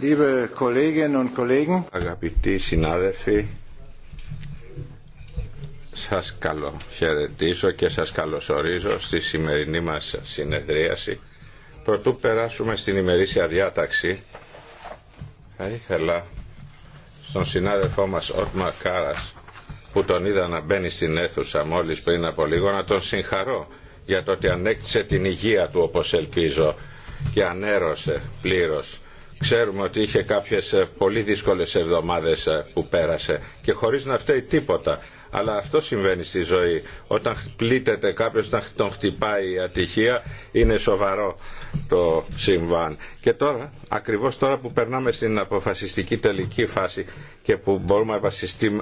Liebe Kolleginnen und Αγαπητοί συνάδελφοι, σας καλοχαιρετήσω και σας καλωσορίζω στη σημερινή μας συνεδρίαση. Πρωτού περάσουμε στην ημερήσια διάταξη, θα ήθελα στον συνάδελφό μας Ότμαρ Κάρας, που τον είδα να μπαίνει στην αίθουσα μόλις πριν από λίγο, να τον συγχαρώ για το ότι ανέκτησε την υγεία του όπως ελπίζω και ανέρωσε πλήρως. Ξέρουμε ότι είχε κάποιες ε, πολύ δύσκολες εβδομάδες ε, που πέρασε και χωρίς να φταίει τίποτα. Αλλά αυτό συμβαίνει στη ζωή. Όταν πλήττεται κάποιος όταν τον χτυπάει η ατυχία είναι σοβαρό το συμβάν. Και τώρα, ακριβώς τώρα που περνάμε στην αποφασιστική τελική φάση και που μπορούμε να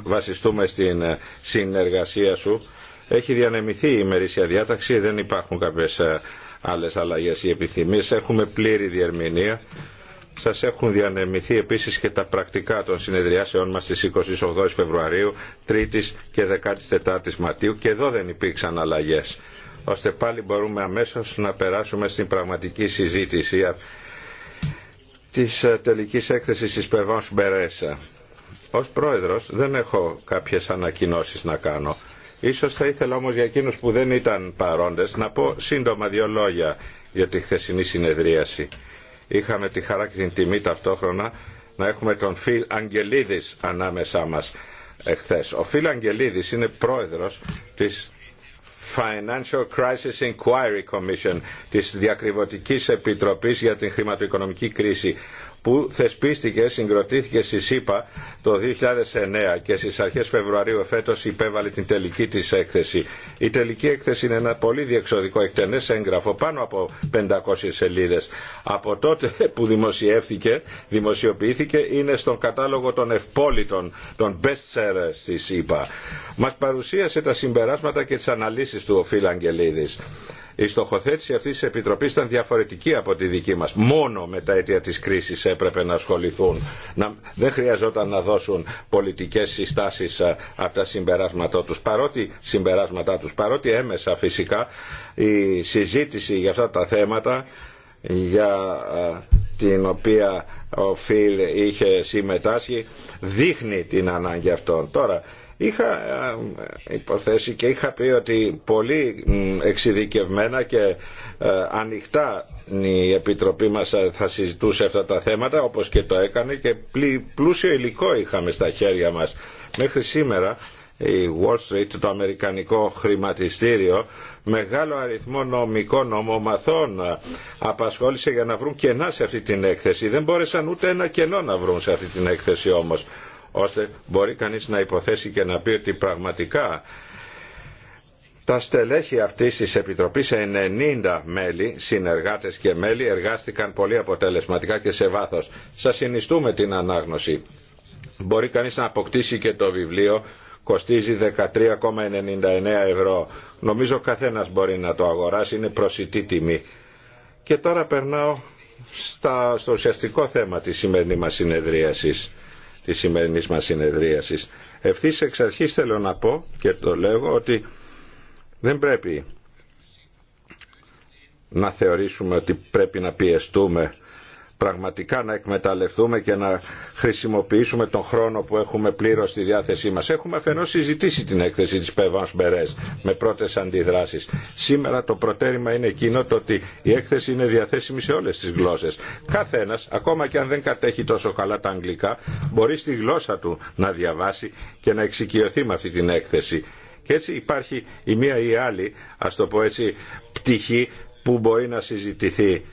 βασιστούμε στην ε, συνεργασία σου, έχει διανεμηθεί η ημερήσια διάταξη, δεν υπάρχουν κάποιες άλλες αλλαγές ή επιθυμίες. Έχουμε πλήρη διερμηνία. Σας έχουν διανεμηθεί επίσης και τα πρακτικά των συνεδριάσεών μας στις 28 Φεβρουαρίου, 3ης και 14ης Μαρτίου και εδώ δεν υπήρξαν αλλαγές ώστε πάλι μπορούμε αμέσως να περάσουμε στην πραγματική συζήτηση της ε, τελικής έκθεσης της Περβάνς Μπερέσα. Ως πρόεδρος δεν έχω κάποιες ανακοινώσεις να κάνω. Ίσως θα ήθελα όμως για εκείνους που δεν ήταν παρόντες να πω σύντομα δύο λόγια για τη χθεσινή συνεδρίαση. Είχαμε τη χαρά και την τιμή ταυτόχρονα να έχουμε τον Φιλ Αγγελίδης ανάμεσά μας εχθές. Ο Φιλ Αγγελίδης είναι πρόεδρος της Financial Crisis Inquiry Commission της Διακριβωτικής Επιτροπής για την Χρηματοοικονομική Κρίση που θεσπίστηκε, συγκροτήθηκε στη ΣΥΠΑ το 2009 και στις αρχές Φεβρουαρίου φέτος υπέβαλε την τελική της έκθεση. Η τελική έκθεση είναι ένα πολύ διεξοδικό εκτενές έγγραφο πάνω από 500 σελίδες. Από τότε που δημοσιεύθηκε, δημοσιοποιήθηκε είναι στον κατάλογο των ευπόλυτων, των best sellers στη ΣΥΠΑ. Μας παρουσίασε τα συμπεράσματα και τις αναλύσεις του ο Φίλ Αγγελίδης. Η στοχοθέτηση αυτή τη Επιτροπή ήταν διαφορετική από τη δική μα. Μόνο με τα αίτια τη κρίση έπρεπε να ασχοληθούν. Να, δεν χρειαζόταν να δώσουν πολιτικέ συστάσει ε, από τα συμπεράσματά του. Παρότι, συμπεράσματά τους, παρότι έμεσα φυσικά η συζήτηση για αυτά τα θέματα για ε, την οποία ο Φιλ είχε συμμετάσχει δείχνει την ανάγκη αυτών. Τώρα, Είχα ε, υποθέσει και είχα πει ότι πολύ εξειδικευμένα και ε, ανοιχτά η Επιτροπή μας ε, θα συζητούσε αυτά τα θέματα όπως και το έκανε και πλούσιο υλικό είχαμε στα χέρια μας. Μέχρι σήμερα η Wall Street, το αμερικανικό χρηματιστήριο, μεγάλο αριθμό νομικών ομομαθών απασχόλησε για να βρουν κενά σε αυτή την έκθεση. Δεν μπόρεσαν ούτε ένα κενό να βρουν σε αυτή την έκθεση όμως ώστε μπορεί κανείς να υποθέσει και να πει ότι πραγματικά τα στελέχη αυτής της Επιτροπής, 90 μέλη, συνεργάτες και μέλη, εργάστηκαν πολύ αποτελεσματικά και σε βάθος. Σας συνιστούμε την ανάγνωση. Μπορεί κανείς να αποκτήσει και το βιβλίο, κοστίζει 13,99 ευρώ. Νομίζω καθένας μπορεί να το αγοράσει, είναι προσιτή τιμή. Και τώρα περνάω στο ουσιαστικό θέμα της σημερινή μας συνεδρίασης της σημερινής μας συνεδρίασης. Ευθύ εξ αρχής θέλω να πω και το λέγω ότι δεν πρέπει να θεωρήσουμε ότι πρέπει να πιεστούμε πραγματικά να εκμεταλλευτούμε και να χρησιμοποιήσουμε τον χρόνο που έχουμε πλήρως στη διάθεσή μας. Έχουμε αφενός συζητήσει την έκθεση της Πεβάνς Μπερές με πρώτες αντιδράσεις. Σήμερα το προτέρημα είναι εκείνο το ότι η έκθεση είναι διαθέσιμη σε όλες τις γλώσσες. Κάθε ένας, ακόμα και αν δεν κατέχει τόσο καλά τα αγγλικά, μπορεί στη γλώσσα του να διαβάσει και να εξοικειωθεί με αυτή την έκθεση. Και έτσι υπάρχει η μία ή η άλλη, ας το πω έτσι, πτυχή που μπορεί να συζητηθεί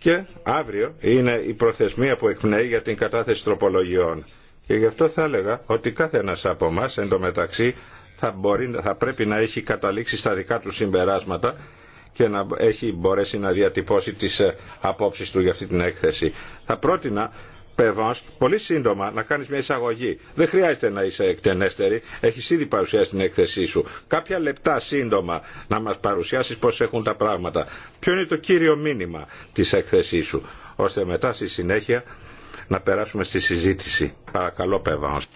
και αύριο είναι η προθεσμία που εκπνέει για την κατάθεση τροπολογιών. Και γι' αυτό θα έλεγα ότι κάθε ένας από εμά εντωμεταξύ θα, μπορεί, θα πρέπει να έχει καταλήξει στα δικά του συμπεράσματα και να έχει μπορέσει να διατυπώσει τις ε, απόψεις του για αυτή την έκθεση. Θα πρότεινα μας πολύ σύντομα να κάνεις μια εισαγωγή. Δεν χρειάζεται να είσαι εκτενέστερη, έχεις ήδη παρουσιάσει την έκθεσή σου. Κάποια λεπτά σύντομα να μας παρουσιάσεις πώς έχουν τα πράγματα. Ποιο είναι το κύριο μήνυμα της έκθεσής σου, ώστε μετά στη συνέχεια να περάσουμε στη συζήτηση. Παρακαλώ Περβάνς.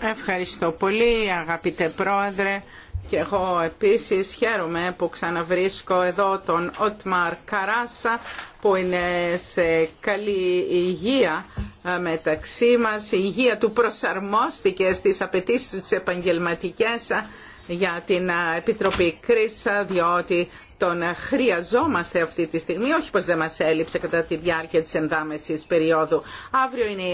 Ευχαριστώ πολύ αγαπητέ πρόεδρε και εγώ επίσης χαίρομαι που ξαναβρίσκω εδώ τον Ότμαρ Καράσα που είναι σε καλή υγεία ε, μεταξύ μας. Η υγεία του προσαρμόστηκε στις απαιτήσεις του επαγγελματικής ε, για την ε, Επιτροπή Κρίσα διότι τον χρειαζόμαστε αυτή τη στιγμή, όχι πως δεν μας έλειψε κατά τη διάρκεια της ενδάμεσης περίοδου. Αύριο είναι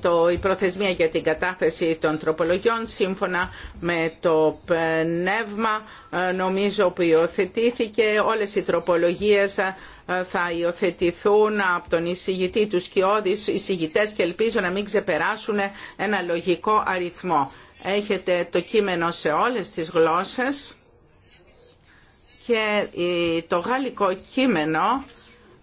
το, η προθεσμία για την κατάθεση των τροπολογιών σύμφωνα με το πνεύμα ε, νομίζω που υιοθετήθηκε. Όλες οι τροπολογίες ε, θα υιοθετηθούν από τον εισηγητή, του Σκιώδης, εισηγητές και ελπίζω να μην ξεπεράσουν ένα λογικό αριθμό. Έχετε το κείμενο σε όλες τις γλώσσες και το γαλλικό κείμενο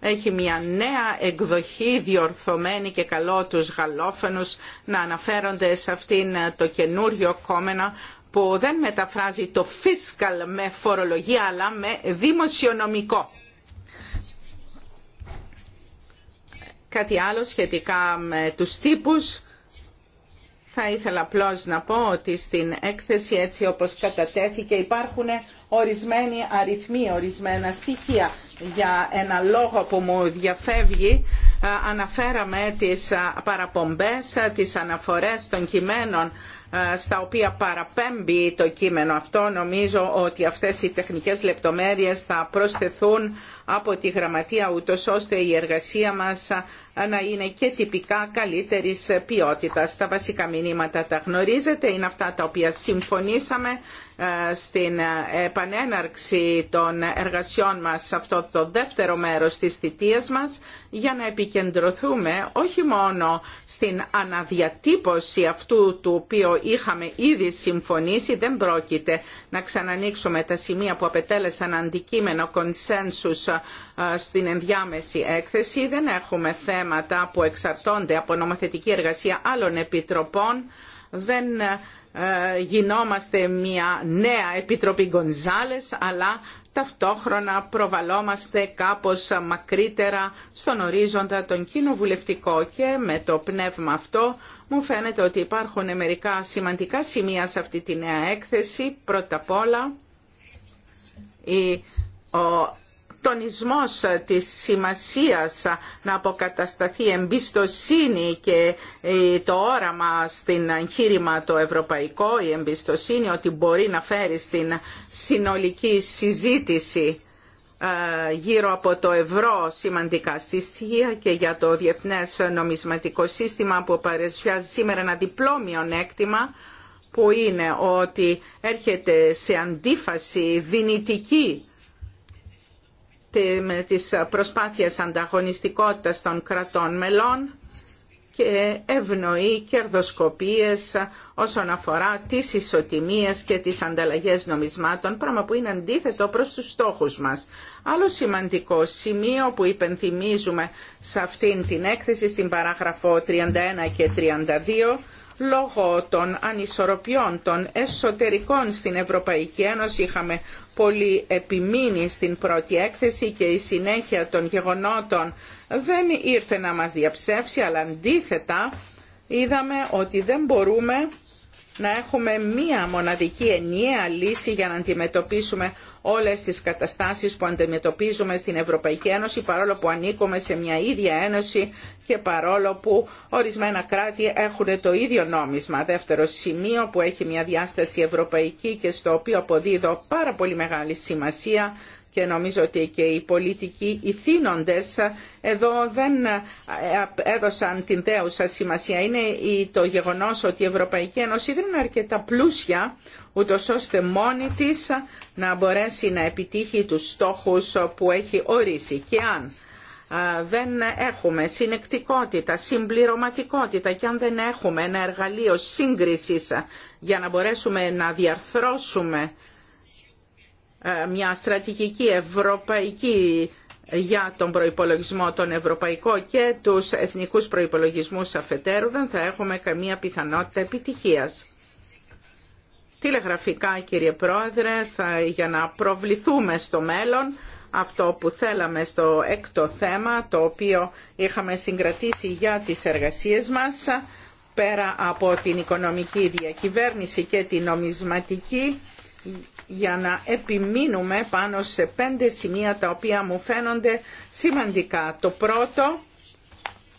έχει μια νέα εκδοχή διορθωμένη και καλό τους γαλλόφωνους να αναφέρονται σε αυτήν ε, το καινούριο κόμμενο που δεν μεταφράζει το fiscal με φορολογία αλλά με δημοσιονομικό. Κάτι άλλο σχετικά με τους τύπους θα ήθελα απλώ να πω ότι στην έκθεση έτσι όπως κατατέθηκε υπάρχουν ορισμένοι αριθμοί, ορισμένα στοιχεία. Για ένα λόγο που μου διαφεύγει αναφέραμε τις παραπομπές, τις αναφορές των κειμένων στα οποία παραπέμπει το κείμενο αυτό. Νομίζω ότι αυτές οι τεχνικές λεπτομέρειες θα προσθεθούν από τη γραμματεία ούτως ώστε η εργασία μας να είναι και τυπικά καλύτερη ποιότητα. Τα βασικά μηνύματα τα γνωρίζετε, είναι αυτά τα οποία συμφωνήσαμε ε, στην επανέναρξη των εργασιών μας σε αυτό το δεύτερο μέρος της θητείας μας για να επικεντρωθούμε όχι μόνο στην αναδιατύπωση αυτού του οποίου είχαμε ήδη συμφωνήσει, δεν πρόκειται να ξανανοίξουμε τα σημεία που απετέλεσαν αντικείμενο κονσένσους ε, στην ενδιάμεση έκθεση, δεν έχουμε θέμα θέματα που εξαρτώνται από νομοθετική εργασία άλλων επιτροπών δεν ε, γινόμαστε μια νέα επιτροπή Γκονζάλες αλλά ταυτόχρονα προβαλόμαστε κάπως μακρύτερα στον ορίζοντα τον κοινοβουλευτικό και με το πνεύμα αυτό μου φαίνεται ότι υπάρχουν μερικά σημαντικά σημεία σε αυτή τη νέα έκθεση. Πρώτα απ' όλα η, ο τονισμός της σημασίας να αποκατασταθεί εμπιστοσύνη και ε, το όραμα στην εγχείρημα το ευρωπαϊκό, η εμπιστοσύνη ότι μπορεί να φέρει στην συνολική συζήτηση ε, γύρω από το ευρώ σημαντικά στοιχεία και για το διεθνές νομισματικό σύστημα που παρουσιάζει σήμερα ένα διπλό μειονέκτημα που είναι ότι έρχεται σε αντίφαση δυνητική της τις ανταγωνιστικότητα ανταγωνιστικότητας των κρατών μελών και ευνοεί κερδοσκοπίες όσον αφορά τις ισοτιμίες και τις ανταλλαγές νομισμάτων, πράγμα που είναι αντίθετο προς τους στόχους μας. Άλλο σημαντικό σημείο που υπενθυμίζουμε σε αυτήν την έκθεση στην παράγραφο 31 και 32 λόγω των ανισορροπιών των εσωτερικών στην Ευρωπαϊκή Ένωση είχαμε πολύ επιμείνει στην πρώτη έκθεση και η συνέχεια των γεγονότων δεν ήρθε να μας διαψεύσει αλλά αντίθετα είδαμε ότι δεν μπορούμε να έχουμε μία μοναδική ενιαία λύση για να αντιμετωπίσουμε όλες τις καταστάσεις που αντιμετωπίζουμε στην Ευρωπαϊκή Ένωση παρόλο που ανήκουμε σε μια ίδια ένωση και παρόλο που ορισμένα κράτη έχουν το ίδιο νόμισμα. Δεύτερο σημείο που έχει μια διάσταση ευρωπαϊκή και στο οποίο αποδίδω πάρα πολύ μεγάλη σημασία και νομίζω ότι και οι πολιτικοί ηθήνοντες εδώ δεν έδωσαν την δέουσα σημασία. Είναι το γεγονός ότι η Ευρωπαϊκή Ένωση δεν είναι αρκετά πλούσια ούτω ώστε μόνη τη να μπορέσει να επιτύχει τους στόχους που έχει ορίσει. Και αν δεν έχουμε συνεκτικότητα, συμπληρωματικότητα και αν δεν έχουμε ένα εργαλείο σύγκρισης για να μπορέσουμε να διαρθρώσουμε ε, μια στρατηγική ευρωπαϊκή για τον προϋπολογισμό τον ευρωπαϊκό και τους εθνικούς προϋπολογισμούς αφετέρου δεν θα έχουμε καμία πιθανότητα επιτυχίας. Τηλεγραφικά κύριε Πρόεδρε, θα, για να προβληθούμε στο μέλλον αυτό που θέλαμε στο έκτο θέμα το οποίο είχαμε συγκρατήσει για τις εργασίες μας πέρα από την οικονομική διακυβέρνηση και την νομισματική για να επιμείνουμε πάνω σε πέντε σημεία τα οποία μου φαίνονται σημαντικά. Το πρώτο,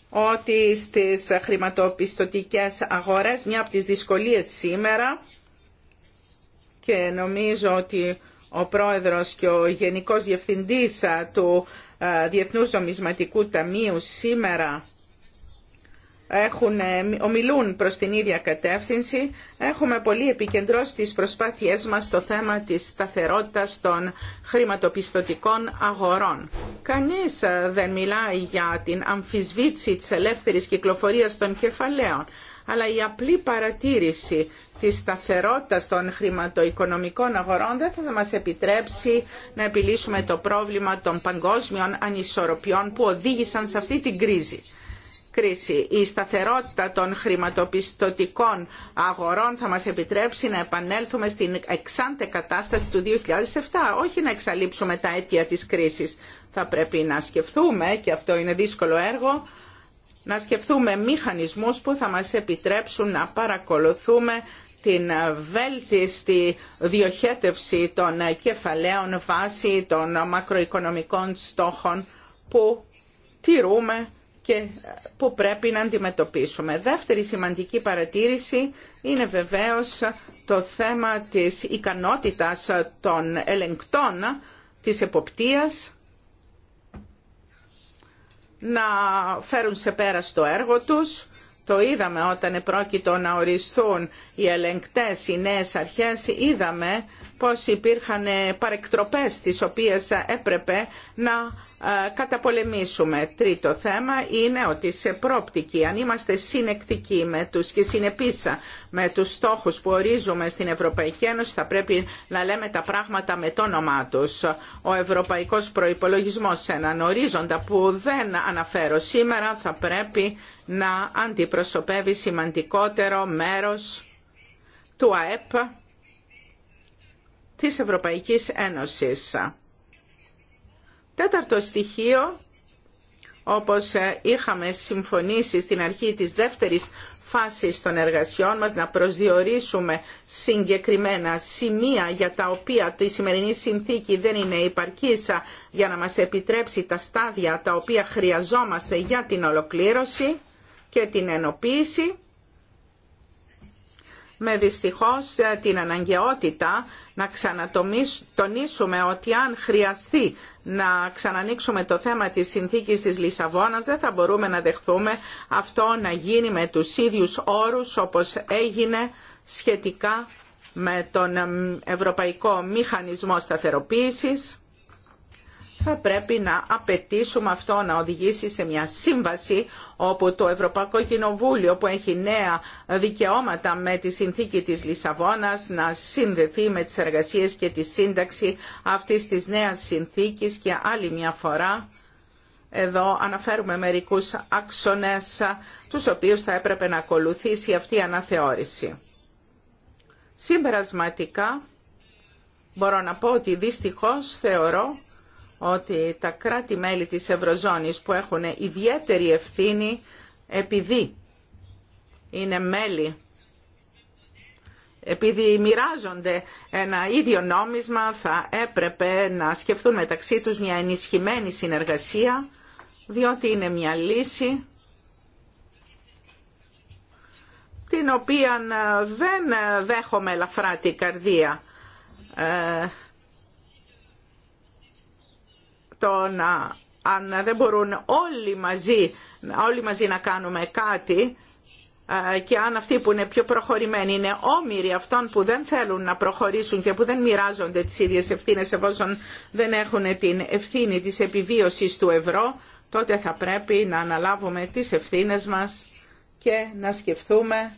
ότι στις χρηματοπιστωτικές αγορές μια από τις δυσκολίες σήμερα και νομίζω ότι ο πρόεδρος και ο γενικός διευθυντής του ε, Διεθνούς Νομισματικού Ταμείου σήμερα έχουν, ε, ομιλούν προς την ίδια κατεύθυνση. Έχουμε πολύ επικεντρώσει τις προσπάθειές μας στο θέμα της σταθερότητας των χρηματοπιστωτικών αγορών. Κανείς ε, δεν μιλάει για την αμφισβήτηση της ελεύθερης κυκλοφορίας των κεφαλαίων, αλλά η απλή παρατήρηση της σταθερότητας των χρηματοοικονομικών αγορών δεν θα μας επιτρέψει να επιλύσουμε το πρόβλημα των παγκόσμιων ανισορροπιών που οδήγησαν σε αυτή την κρίση κρίση. Η σταθερότητα των χρηματοπιστωτικών αγορών θα μας επιτρέψει να επανέλθουμε στην εξάντε κατάσταση του 2007, όχι να εξαλείψουμε τα αίτια της κρίσης. Θα πρέπει να σκεφτούμε, και αυτό είναι δύσκολο έργο, να σκεφτούμε μηχανισμούς που θα μας επιτρέψουν να παρακολουθούμε την βέλτιστη διοχέτευση των κεφαλαίων βάσει των μακροοικονομικών στόχων που τηρούμε που πρέπει να αντιμετωπίσουμε. Δεύτερη σημαντική παρατήρηση είναι βεβαίως το θέμα της ικανότητας των ελεγκτών της εποπτείας να φέρουν σε πέρα στο έργο τους το είδαμε όταν επρόκειτο να οριστούν οι ελεγκτές, οι νέες αρχές, είδαμε πως υπήρχαν παρεκτροπές τις οποίες έπρεπε να ε, καταπολεμήσουμε. Τρίτο θέμα είναι ότι σε πρόπτικη, αν είμαστε συνεκτικοί με τους και συνεπίσα, με τους στόχους που ορίζουμε στην Ευρωπαϊκή Ένωση θα πρέπει να λέμε τα πράγματα με το όνομά τους. Ο ευρωπαϊκός προϋπολογισμός σε έναν ορίζοντα που δεν αναφέρω σήμερα θα πρέπει να αντιπροσωπεύει σημαντικότερο μέρος του ΑΕΠ της Ευρωπαϊκής Ένωσης. Τέταρτο στοιχείο, όπως είχαμε συμφωνήσει στην αρχή της δεύτερης φάσεις των εργασιών μας, να προσδιορίσουμε συγκεκριμένα σημεία για τα οποία η σημερινή συνθήκη δεν είναι υπαρκής για να μας επιτρέψει τα στάδια τα οποία χρειαζόμαστε για την ολοκλήρωση και την ενοποίηση με δυστυχώς ε, την αναγκαιότητα να ξανατονίσουμε ότι αν χρειαστεί να ξανανοίξουμε το θέμα της συνθήκης της Λισαβόνας δεν θα μπορούμε να δεχθούμε αυτό να γίνει με τους ίδιους όρους όπως έγινε σχετικά με τον Ευρωπαϊκό Μηχανισμό Σταθεροποίησης θα πρέπει να απαιτήσουμε αυτό να οδηγήσει σε μια σύμβαση όπου το Ευρωπαϊκό Κοινοβούλιο που έχει νέα δικαιώματα με τη συνθήκη της Λισαβόνας να συνδεθεί με τις εργασίες και τη σύνταξη αυτής της νέας συνθήκης και άλλη μια φορά εδώ αναφέρουμε μερικούς άξονες τους οποίους θα έπρεπε να ακολουθήσει αυτή η αναθεώρηση. Συμπερασματικά μπορώ να πω ότι δυστυχώς θεωρώ ότι τα κράτη-μέλη της Ευρωζώνης που έχουν ιδιαίτερη ευθύνη επειδή είναι μέλη, επειδή μοιράζονται ένα ίδιο νόμισμα θα έπρεπε να σκεφτούν μεταξύ τους μια ενισχυμένη συνεργασία διότι είναι μια λύση την οποία δεν δέχομαι ελαφρά την καρδία. Ε, το να, αν δεν μπορούν όλοι μαζί, όλοι μαζί να κάνουμε κάτι ε, και αν αυτοί που είναι πιο προχωρημένοι είναι όμοιροι αυτών που δεν θέλουν να προχωρήσουν και που δεν μοιράζονται τις ίδιες ευθύνες εφόσον δεν έχουν την ευθύνη της επιβίωσης του ευρώ, τότε θα πρέπει να αναλάβουμε τις ευθύνες μας και να σκεφτούμε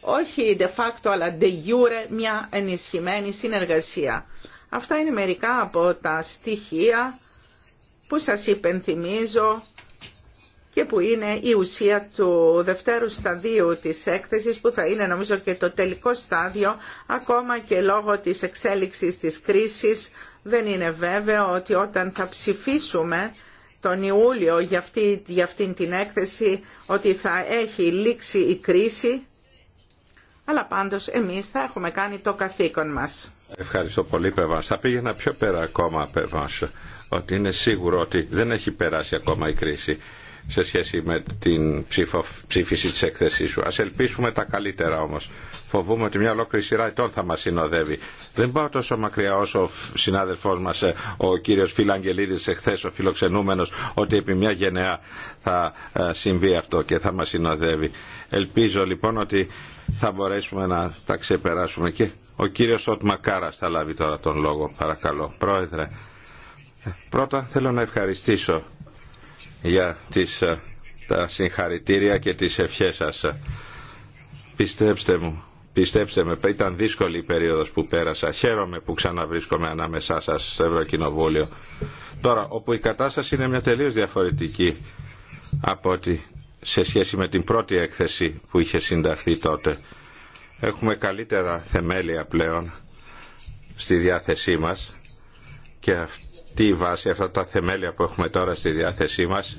όχι de facto αλλά de jure μια ενισχυμένη συνεργασία. Αυτά είναι μερικά από τα στοιχεία που σας υπενθυμίζω και που είναι η ουσία του δευτέρου σταδίου της έκθεσης που θα είναι νομίζω και το τελικό στάδιο ακόμα και λόγω της εξέλιξης της κρίσης δεν είναι βέβαιο ότι όταν θα ψηφίσουμε τον Ιούλιο για, αυτή, αυτήν την έκθεση ότι θα έχει λήξει η κρίση αλλά πάντως εμείς θα έχουμε κάνει το καθήκον μας. Ευχαριστώ πολύ, Πεβά. Θα πήγαινα πιο πέρα ακόμα, Πεβά, ότι είναι σίγουρο ότι δεν έχει περάσει ακόμα η κρίση σε σχέση με την ψήφο, ψήφιση της έκθεσής σου. Ας ελπίσουμε τα καλύτερα όμως. Φοβούμαι ότι μια ολόκληρη σειρά ετών θα μας συνοδεύει. Δεν πάω τόσο μακριά όσο ο συνάδελφός μας, ε, ο κύριος Φιλαγγελίδης, εχθές ο φιλοξενούμενος, ότι επί μια γενεά θα ε, συμβεί αυτό και θα μας συνοδεύει. Ελπίζω λοιπόν ότι θα μπορέσουμε να τα ξεπεράσουμε και ο κύριος Σότμα Κάρας θα λάβει τώρα τον λόγο. Παρακαλώ. Πρόεδρε, πρώτα θέλω να ευχαριστήσω για τις, ε, τα συγχαρητήρια και τις ευχές σας. Πιστέψτε μου, Πιστέψτε με, ήταν δύσκολη η περίοδος που πέρασα. Χαίρομαι που ξαναβρίσκομαι ανάμεσά σας στο Ευρωκοινοβούλιο. Τώρα, όπου η κατάσταση είναι μια τελείως διαφορετική από ότι σε σχέση με την πρώτη έκθεση που είχε συνταχθεί τότε έχουμε καλύτερα θεμέλια πλέον στη διάθεσή μας και αυτή η βάση, αυτά τα θεμέλια που έχουμε τώρα στη διάθεσή μας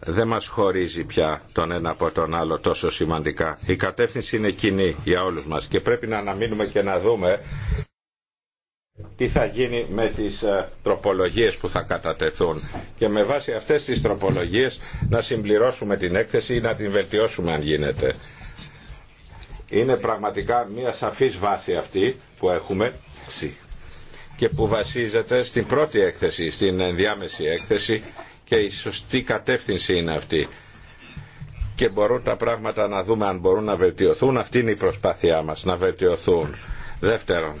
δεν μας χωρίζει πια τον ένα από τον άλλο τόσο σημαντικά. Η κατεύθυνση είναι κοινή για όλους μας και πρέπει να αναμείνουμε και να δούμε τι θα γίνει με τις ε, τροπολογίες που θα κατατεθούν και με βάση αυτές τις τροπολογίες να συμπληρώσουμε την έκθεση ή να την βελτιώσουμε αν γίνεται. Είναι πραγματικά μια σαφής βάση αυτή που έχουμε και που βασίζεται στην πρώτη έκθεση, στην ενδιάμεση έκθεση και η σωστή κατεύθυνση είναι αυτή. Και μπορούν τα πράγματα να δούμε αν μπορούν να βελτιωθούν. Αυτή είναι η προσπάθειά μας, να βελτιωθούν. Δεύτερον,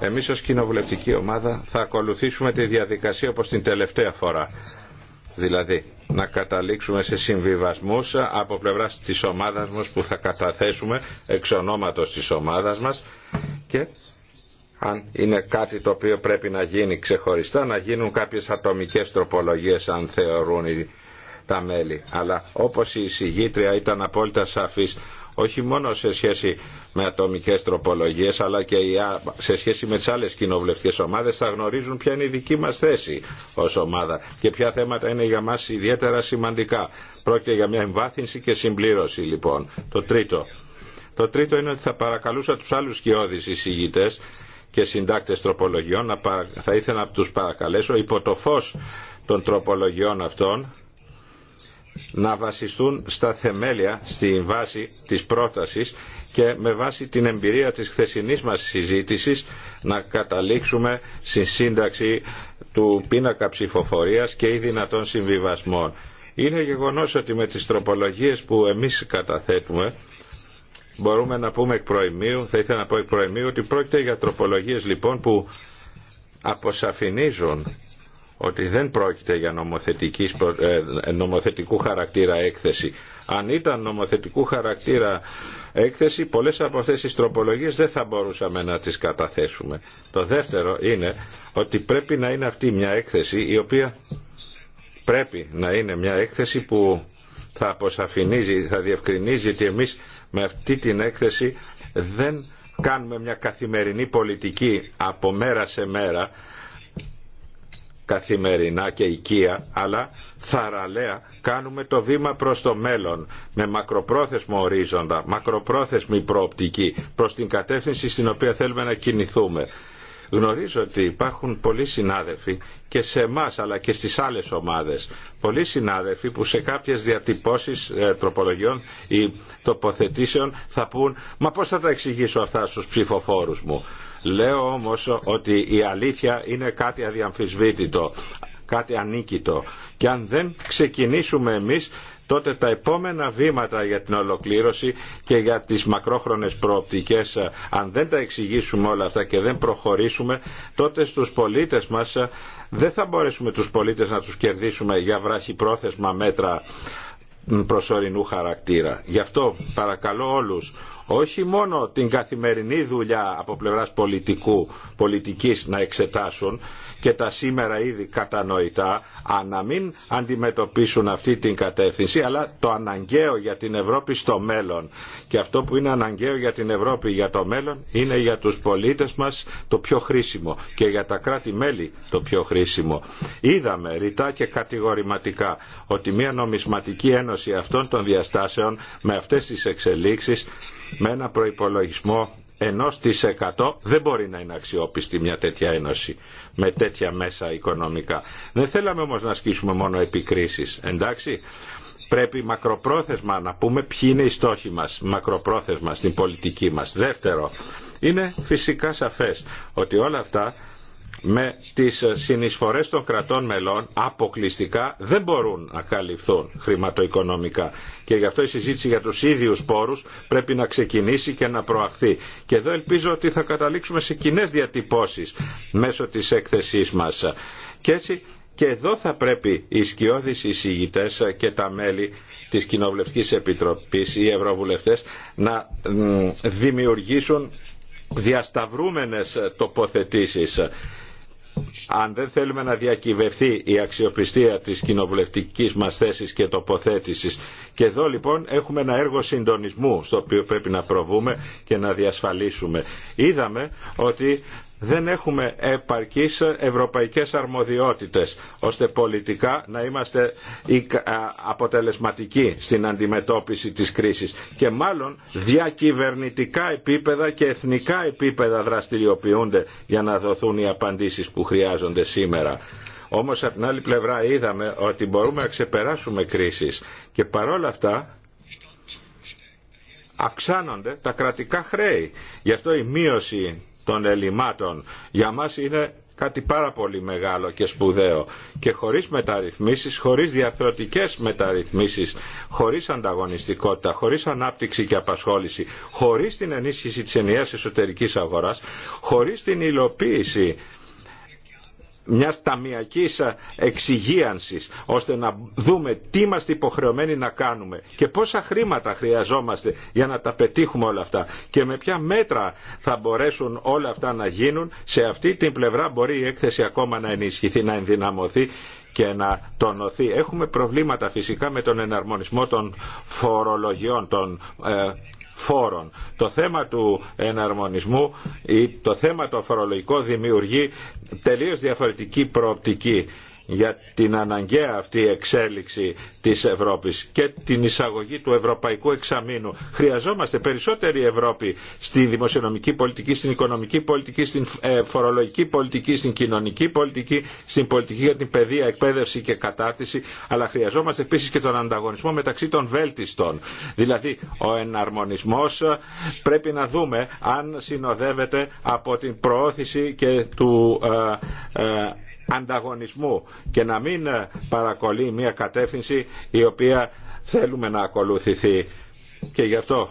εμείς ως κοινοβουλευτική ομάδα θα ακολουθήσουμε τη διαδικασία όπως την τελευταία φορά. Δηλαδή να καταλήξουμε σε συμβιβασμούς από πλευρά της ομάδα μας που θα καταθέσουμε εξ ονόματο της ομάδας μας και αν είναι κάτι το οποίο πρέπει να γίνει ξεχωριστά να γίνουν κάποιες ατομικές τροπολογίες αν θεωρούν τα μέλη. Αλλά όπως η συγγήτρια ήταν απόλυτα σαφής όχι μόνο σε σχέση με ατομικές τροπολογίες αλλά και σε σχέση με τις άλλες κοινοβουλευτικές ομάδες θα γνωρίζουν ποια είναι η δική μας θέση ως ομάδα και ποια θέματα είναι για μας ιδιαίτερα σημαντικά. Πρόκειται για μια εμβάθυνση και συμπλήρωση λοιπόν. Το τρίτο. Το τρίτο είναι ότι θα παρακαλούσα τους άλλους σκιώδεις εισηγητές και συντάκτες τροπολογιών θα ήθελα να τους παρακαλέσω υπό το φως των τροπολογιών αυτών να βασιστούν στα θεμέλια, στη βάση της πρότασης και με βάση την εμπειρία της χθεσινής μας συζήτησης να καταλήξουμε στη σύνταξη του πίνακα ψηφοφορίας και ή δυνατών συμβιβασμών. Είναι γεγονός ότι με τις τροπολογίες που εμείς καταθέτουμε μπορούμε να πούμε εκ προημίου, θα ήθελα να πω εκ προημίου ότι πρόκειται για τροπολογίες λοιπόν που αποσαφηνίζουν ότι δεν πρόκειται για νομοθετικής, ε, νομοθετικού χαρακτήρα έκθεση. Αν ήταν νομοθετικού χαρακτήρα έκθεση, πολλές από αυτές τις τροπολογίες δεν θα μπορούσαμε να τις καταθέσουμε. Το δεύτερο είναι ότι πρέπει να είναι αυτή μια έκθεση η οποία πρέπει να είναι μια έκθεση που θα αποσαφηνίζει, θα διευκρινίζει ότι εμείς με αυτή την έκθεση δεν κάνουμε μια καθημερινή πολιτική από μέρα σε μέρα καθημερινά και οικία, αλλά θαραλέα κάνουμε το βήμα προς το μέλλον με μακροπρόθεσμο ορίζοντα, μακροπρόθεσμη προοπτική προς την κατεύθυνση στην οποία θέλουμε να κινηθούμε. Γνωρίζω ότι υπάρχουν πολλοί συνάδελφοι και σε εμά αλλά και στις άλλες ομάδες. Πολλοί συνάδελφοι που σε κάποιες διατυπώσεις ε, τροπολογιών ή τοποθετήσεων θα πούν «Μα πώς θα τα εξηγήσω αυτά στους ψηφοφόρους μου» Λέω όμως ότι η αλήθεια είναι κάτι αδιαμφισβήτητο, κάτι ανίκητο. Και αν δεν ξεκινήσουμε εμείς τότε τα επόμενα βήματα για την ολοκλήρωση και για τις μακρόχρονες προοπτικές αν δεν τα εξηγήσουμε όλα αυτά και δεν προχωρήσουμε τότε στους πολίτες μας δεν θα μπορέσουμε τους πολίτες να τους κερδίσουμε για βράχη πρόθεσμα μέτρα προσωρινού χαρακτήρα. Γι' αυτό παρακαλώ όλους όχι μόνο την καθημερινή δουλειά από πλευράς πολιτικού, πολιτικής να εξετάσουν και τα σήμερα ήδη κατανοητά, να μην αντιμετωπίσουν αυτή την κατεύθυνση, αλλά το αναγκαίο για την Ευρώπη στο μέλλον. Και αυτό που είναι αναγκαίο για την Ευρώπη για το μέλλον είναι για τους πολίτες μας το πιο χρήσιμο και για τα κράτη-μέλη το πιο χρήσιμο. Είδαμε ρητά και κατηγορηματικά ότι μια νομισματική ένωση αυτών των διαστάσεων με αυτές τις εξελίξεις με ένα προϋπολογισμό 1% δεν μπορεί να είναι αξιόπιστη μια τέτοια ένωση με τέτοια μέσα οικονομικά. Δεν θέλαμε όμως να ασκήσουμε μόνο επικρίσεις, εντάξει. Πρέπει μακροπρόθεσμα να πούμε ποιοι είναι οι στόχοι μας, μακροπρόθεσμα στην πολιτική μας. Δεύτερο, είναι φυσικά σαφές ότι όλα αυτά με τις συνεισφορές των κρατών μελών αποκλειστικά δεν μπορούν να καλυφθούν χρηματοοικονομικά. Και γι' αυτό η συζήτηση για τους ίδιους πόρους πρέπει να ξεκινήσει και να προαχθεί. Και εδώ ελπίζω ότι θα καταλήξουμε σε κοινέ διατυπώσεις μέσω της έκθεσής μας. Και έτσι και εδώ θα πρέπει οι σκιώδεις εισηγητές και τα μέλη της Κοινοβουλευτικής Επιτροπής, οι Ευρωβουλευτές, να δημιουργήσουν διασταυρούμενες τοποθετήσεις αν δεν θέλουμε να διακυβευτεί η αξιοπιστία της κοινοβουλευτικής μας θέσης και τοποθέτησης. Και εδώ λοιπόν έχουμε ένα έργο συντονισμού στο οποίο πρέπει να προβούμε και να διασφαλίσουμε. Είδαμε ότι δεν έχουμε επαρκείς ευρωπαϊκές αρμοδιότητες ώστε πολιτικά να είμαστε αποτελεσματικοί στην αντιμετώπιση της κρίσης και μάλλον διακυβερνητικά επίπεδα και εθνικά επίπεδα δραστηριοποιούνται για να δοθούν οι απαντήσεις που χρειάζονται σήμερα. Όμως από την άλλη πλευρά είδαμε ότι μπορούμε να ξεπεράσουμε κρίσεις και παρόλα αυτά αυξάνονται τα κρατικά χρέη. Γι' αυτό η μείωση των ελλημάτων. Για μας είναι κάτι πάρα πολύ μεγάλο και σπουδαίο. Και χωρίς μεταρρυθμίσεις, χωρίς διαρθρωτικές μεταρρυθμίσεις, χωρίς ανταγωνιστικότητα, χωρίς ανάπτυξη και απασχόληση, χωρίς την ενίσχυση της ενιαίας εσωτερικής αγοράς, χωρίς την υλοποίηση μιας ταμιακής εξυγίανσης ώστε να δούμε τι είμαστε υποχρεωμένοι να κάνουμε και πόσα χρήματα χρειαζόμαστε για να τα πετύχουμε όλα αυτά και με ποια μέτρα θα μπορέσουν όλα αυτά να γίνουν σε αυτή την πλευρά μπορεί η έκθεση ακόμα να ενισχυθεί, να ενδυναμωθεί και να τονωθεί. Έχουμε προβλήματα φυσικά με τον εναρμονισμό των φορολογιών, των ε, φόρων. Το θέμα του εναρμονισμού ή το θέμα το φορολογικό δημιουργεί τελείως διαφορετική προοπτική για την αναγκαία αυτή εξέλιξη της Ευρώπης και την εισαγωγή του Ευρωπαϊκού Εξαμήνου. Χρειαζόμαστε περισσότερη Ευρώπη στη δημοσιονομική πολιτική, στην οικονομική πολιτική, στην ε, φορολογική πολιτική, στην κοινωνική πολιτική, στην πολιτική για την παιδεία, εκπαίδευση και κατάρτιση, αλλά χρειαζόμαστε επίσης και τον ανταγωνισμό μεταξύ των βέλτιστων. Δηλαδή, ο εναρμονισμός ε, πρέπει να δούμε αν συνοδεύεται από την προώθηση και του ε, ανταγωνισμού και να μην ε, παρακολεί μια κατεύθυνση η οποία θέλουμε να ακολουθηθεί. Και γι' αυτό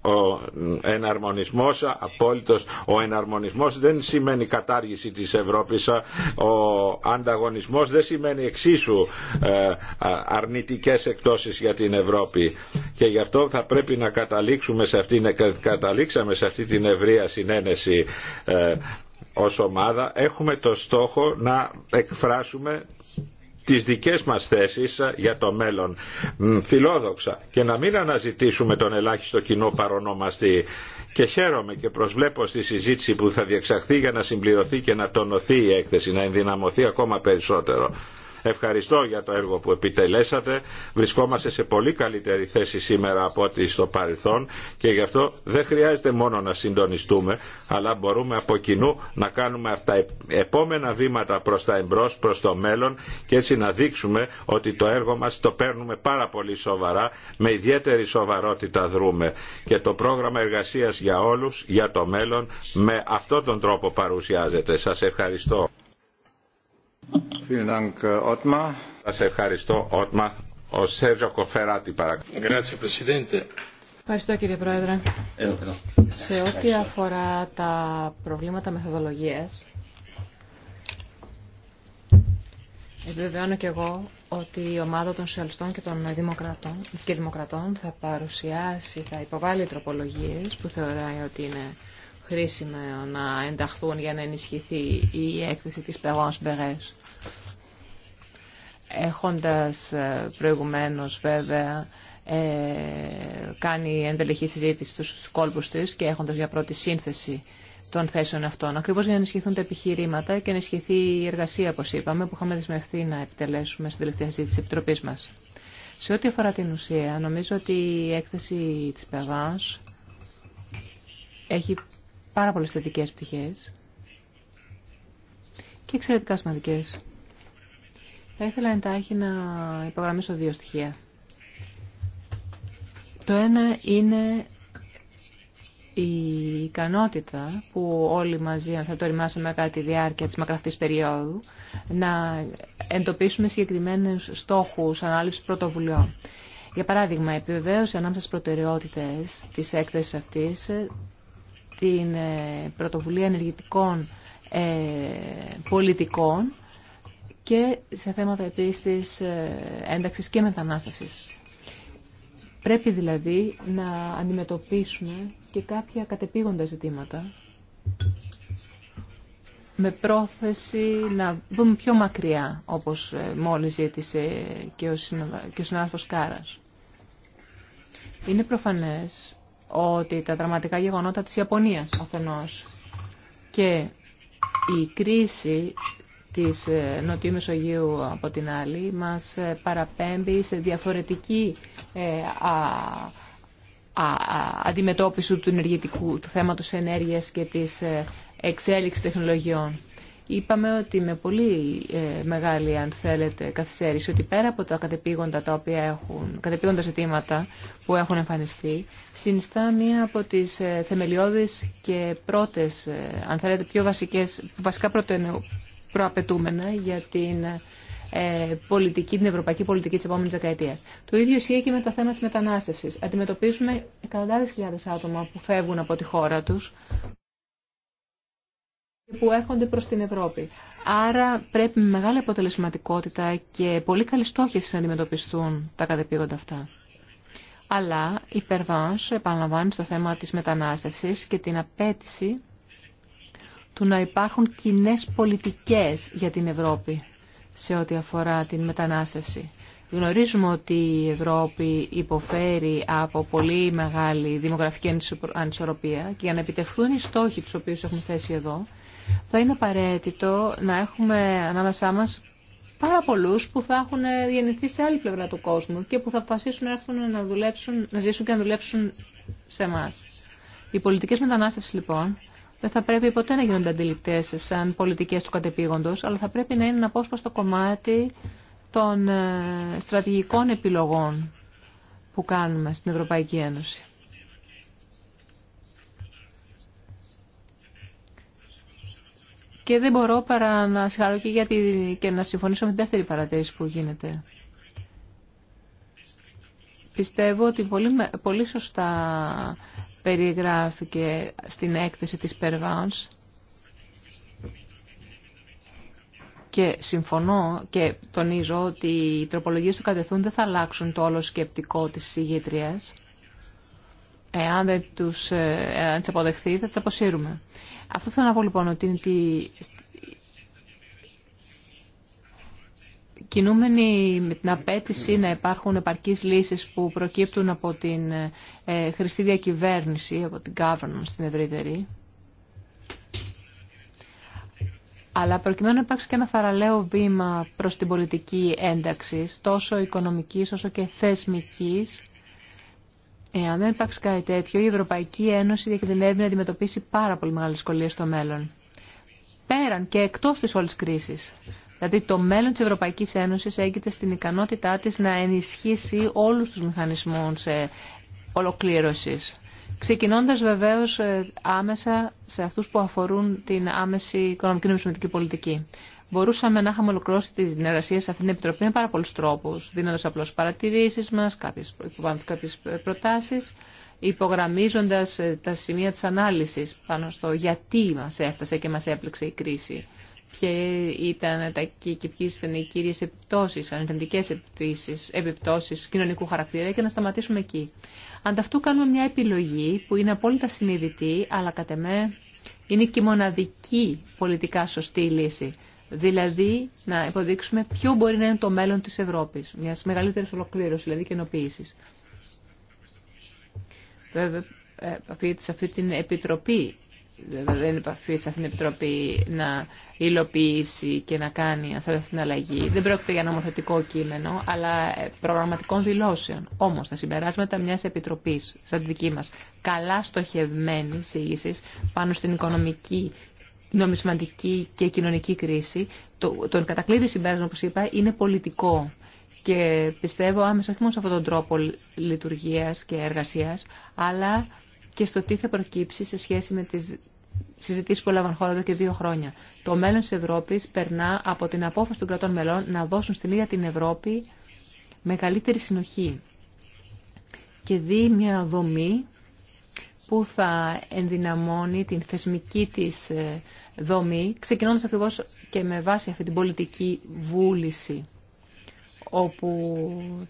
ο ε, εναρμονισμός απόλυτος ο εναρμονισμός δεν σημαίνει κατάργηση της Ευρώπης ε, ο ανταγωνισμός δεν σημαίνει εξίσου αρνητικές εκτόσεις για την Ευρώπη και γι' αυτό θα πρέπει να καταλήξουμε σε αυτή, καταλήξαμε σε αυτή την ευρεία συνένεση ως ομάδα έχουμε το στόχο να εκφράσουμε τις δικές μας θέσεις ε, για το μέλλον φιλόδοξα και να μην αναζητήσουμε τον ελάχιστο κοινό παρονόμαστη και χαίρομαι και προσβλέπω στη συζήτηση που θα διεξαχθεί για να συμπληρωθεί και να τονωθεί η έκθεση, να ενδυναμωθεί ακόμα περισσότερο. Ευχαριστώ για το έργο που επιτελέσατε. Βρισκόμαστε σε πολύ καλύτερη θέση σήμερα από ό,τι στο παρελθόν και γι' αυτό δεν χρειάζεται μόνο να συντονιστούμε, αλλά μπορούμε από κοινού να κάνουμε αυτά επόμενα βήματα προς τα εμπρός, προς το μέλλον και έτσι να δείξουμε ότι το έργο μας το παίρνουμε πάρα πολύ σοβαρά, με ιδιαίτερη σοβαρότητα δρούμε και το πρόγραμμα εργασίας για όλους, για το μέλλον, με αυτόν τον τρόπο παρουσιάζεται. Σας ευχαριστώ. Äh, ευχαριστώ, κύριε Πρόεδρε. Σε ό,τι αφορά τα προβλήματα μεθοδολογίας, Επιβεβαιώνω και εγώ ότι η ομάδα των Σοσιαλιστών και των Δημοκρατών, και Δημοκρατών θα παρουσιάσει, θα υποβάλει τροπολογίες που θεωράει ότι είναι χρήσιμα να ενταχθούν για να ενισχυθεί η έκθεση της Περόνς Μπερές. Έχοντας ε, προηγουμένως βέβαια ε, κάνει εντελεχή συζήτηση στους κόλπους της και έχοντας για πρώτη σύνθεση των θέσεων αυτών, Ακριβώ για να ενισχυθούν τα επιχειρήματα και να ενισχυθεί η εργασία, όπως είπαμε, που είχαμε δεσμευτεί να επιτελέσουμε στην τελευταία συζήτηση της Επιτροπής μας. Σε ό,τι αφορά την ουσία, νομίζω ότι η έκθεση της Περόνς έχει πάρα πολλές θετικές πτυχές και εξαιρετικά σημαντικές. Θα ήθελα εντάχει να υπογραμμίσω δύο στοιχεία. Το ένα είναι η ικανότητα που όλοι μαζί, αν θα το ρημάσουμε κατά τη διάρκεια της μακραυτής περίοδου, να εντοπίσουμε συγκεκριμένους στόχους ανάληψης πρωτοβουλειών. Για παράδειγμα, επιβεβαίωση ανάμεσα στις προτεραιότητες της έκθεσης αυτής ...την ε, πρωτοβουλία ενεργητικών ε, πολιτικών και σε θέματα επίσης ε, ένταξης και μετανάστευσης. Πρέπει δηλαδή να αντιμετωπίσουμε και κάποια κατεπήγοντα ζητήματα με πρόθεση να δούμε πιο μακριά, όπως μόλις ζήτησε και ο συνάδελφος Κάρας. Είναι προφανές ότι τα δραματικά γεγονότα της Ιαπωνίας αφενός και η κρίση της ε, Νοτιού Μεσογείου από την άλλη μας ε, παραπέμπει σε διαφορετική ε, αντιμετώπιση του ενεργητικού, του θέματος ενέργειας και της εξέλιξης τεχνολογιών. Είπαμε ότι με πολύ ε, μεγάλη, αν θέλετε, καθυστέρηση, ότι πέρα από τα κατεπήγοντα, τα οποία έχουν, κατεπήγοντα ζητήματα που έχουν εμφανιστεί, συνιστά μία από τι ε, θεμελιώδεις και πρώτες, ε, αν θέλετε, πιο βασικές, βασικά προαπαιτούμενα για την ε, πολιτική, την ευρωπαϊκή πολιτική τη επόμενη δεκαετία. Το ίδιο ισχύει και με τα θέματα τη μετανάστευση. Αντιμετωπίζουμε εκατοντάδες χιλιάδες άτομα που φεύγουν από τη χώρα του που έρχονται προς την Ευρώπη. Άρα πρέπει με μεγάλη αποτελεσματικότητα και πολύ καλή στόχευση να αντιμετωπιστούν τα κατεπήγοντα αυτά. Αλλά η Περβάνς επαναλαμβάνει στο θέμα της μετανάστευσης και την απέτηση του να υπάρχουν κοινέ πολιτικές για την Ευρώπη σε ό,τι αφορά την μετανάστευση. Γνωρίζουμε ότι η Ευρώπη υποφέρει από πολύ μεγάλη δημογραφική ανισορροπία και για να επιτευχθούν οι στόχοι τους οποίους έχουν θέσει εδώ, θα είναι απαραίτητο να έχουμε ανάμεσά μας πάρα πολλού που θα έχουν γεννηθεί σε άλλη πλευρά του κόσμου και που θα αποφασίσουν να έρθουν να, δουλέψουν, να ζήσουν και να δουλέψουν σε εμά. Οι πολιτικέ μετανάστευση λοιπόν δεν θα πρέπει ποτέ να γίνονται αντιληπτέ σαν πολιτικέ του κατεπήγοντο, αλλά θα πρέπει να είναι ένα απόσπαστο κομμάτι των ε, στρατηγικών επιλογών που κάνουμε στην Ευρωπαϊκή Ένωση. Και δεν μπορώ παρά να συγχαρώ και, γιατί, και να συμφωνήσω με την δεύτερη παρατήρηση που γίνεται. Πιστεύω ότι πολύ, πολύ σωστά περιγράφηκε στην έκθεση της Περβάνς και συμφωνώ και τονίζω ότι οι τροπολογίες του κατεθούν δεν θα αλλάξουν το όλο σκεπτικό της ηγήτριας. Εάν δεν τους, ε, εάν τις αποδεχθεί θα τις αποσύρουμε. Αυτό θέλω να πω λοιπόν ότι είναι κινούμενοι με την απέτηση να υπάρχουν επαρκείς λύσεις που προκύπτουν από την ε, χρηστή διακυβέρνηση, από την governance στην ευρύτερη, αλλά προκειμένου να υπάρξει και ένα θαραλέο βήμα προς την πολιτική ένταξη, τόσο οικονομικής όσο και θεσμικής, Εάν δεν υπάρξει κάτι τέτοιο, η Ευρωπαϊκή Ένωση διακινδυνεύει να αντιμετωπίσει πάρα πολύ μεγάλε δυσκολίε στο μέλλον. Πέραν και εκτό τη όλη κρίση. Δηλαδή, το μέλλον τη Ευρωπαϊκή Ένωση έγκυται στην ικανότητά τη να ενισχύσει όλου του μηχανισμού ε, ολοκλήρωση. Ξεκινώντας βεβαίως ε, άμεσα σε αυτού που αφορούν την άμεση οικονομική νομισματική πολιτική μπορούσαμε να είχαμε ολοκληρώσει την εργασία σε αυτήν την επιτροπή με πάρα πολλού τρόπου, δίνοντα απλώ παρατηρήσει μα, υποβάλλοντα κάποιε προτάσει, υπογραμμίζοντα ε, τα σημεία τη ανάλυση πάνω στο γιατί μα έφτασε και μα έπληξε η κρίση. Ποιε ήταν τα και ποιε ήταν οι κύριε επιπτώσει, ανεταιρικέ επιπτώσει κοινωνικού χαρακτήρα και να σταματήσουμε εκεί. Ανταυτού κάνουμε μια επιλογή που είναι απόλυτα συνειδητή, αλλά κατ' εμέ είναι και μοναδική πολιτικά σωστή λύση Δηλαδή να υποδείξουμε ποιο μπορεί να είναι το μέλλον της Ευρώπης, μιας μεγαλύτερης ολοκλήρωσης, δηλαδή καινοποίησης. Βέβαια, ε, σε αυτή την επιτροπή, δεν επαφή σε αυτή την επιτροπή να υλοποιήσει και να κάνει αυτή την αλλαγή. Δεν πρόκειται για νομοθετικό κείμενο, αλλά ε, προγραμματικών δηλώσεων. Όμως, τα συμπεράσματα μιας επιτροπής, σαν τη δική μας, καλά στοχευμένη σύγχυση πάνω στην οικονομική νομισματική και κοινωνική κρίση, το, τον κατακλείδη συμπέρασμα, όπως είπα, είναι πολιτικό. Και πιστεύω άμεσα όχι μόνο σε αυτόν τον τρόπο λειτουργίας και εργασίας, αλλά και στο τι θα προκύψει σε σχέση με τις συζητήσει που έλαβαν χώρα εδώ και δύο χρόνια. Το μέλλον τη Ευρώπη περνά από την απόφαση των κρατών μελών να δώσουν στην ίδια την Ευρώπη μεγαλύτερη συνοχή και δει μια δομή που θα ενδυναμώνει την θεσμική της ε, δομή, ξεκινώντας ακριβώς και με βάση αυτή την πολιτική βούληση, όπου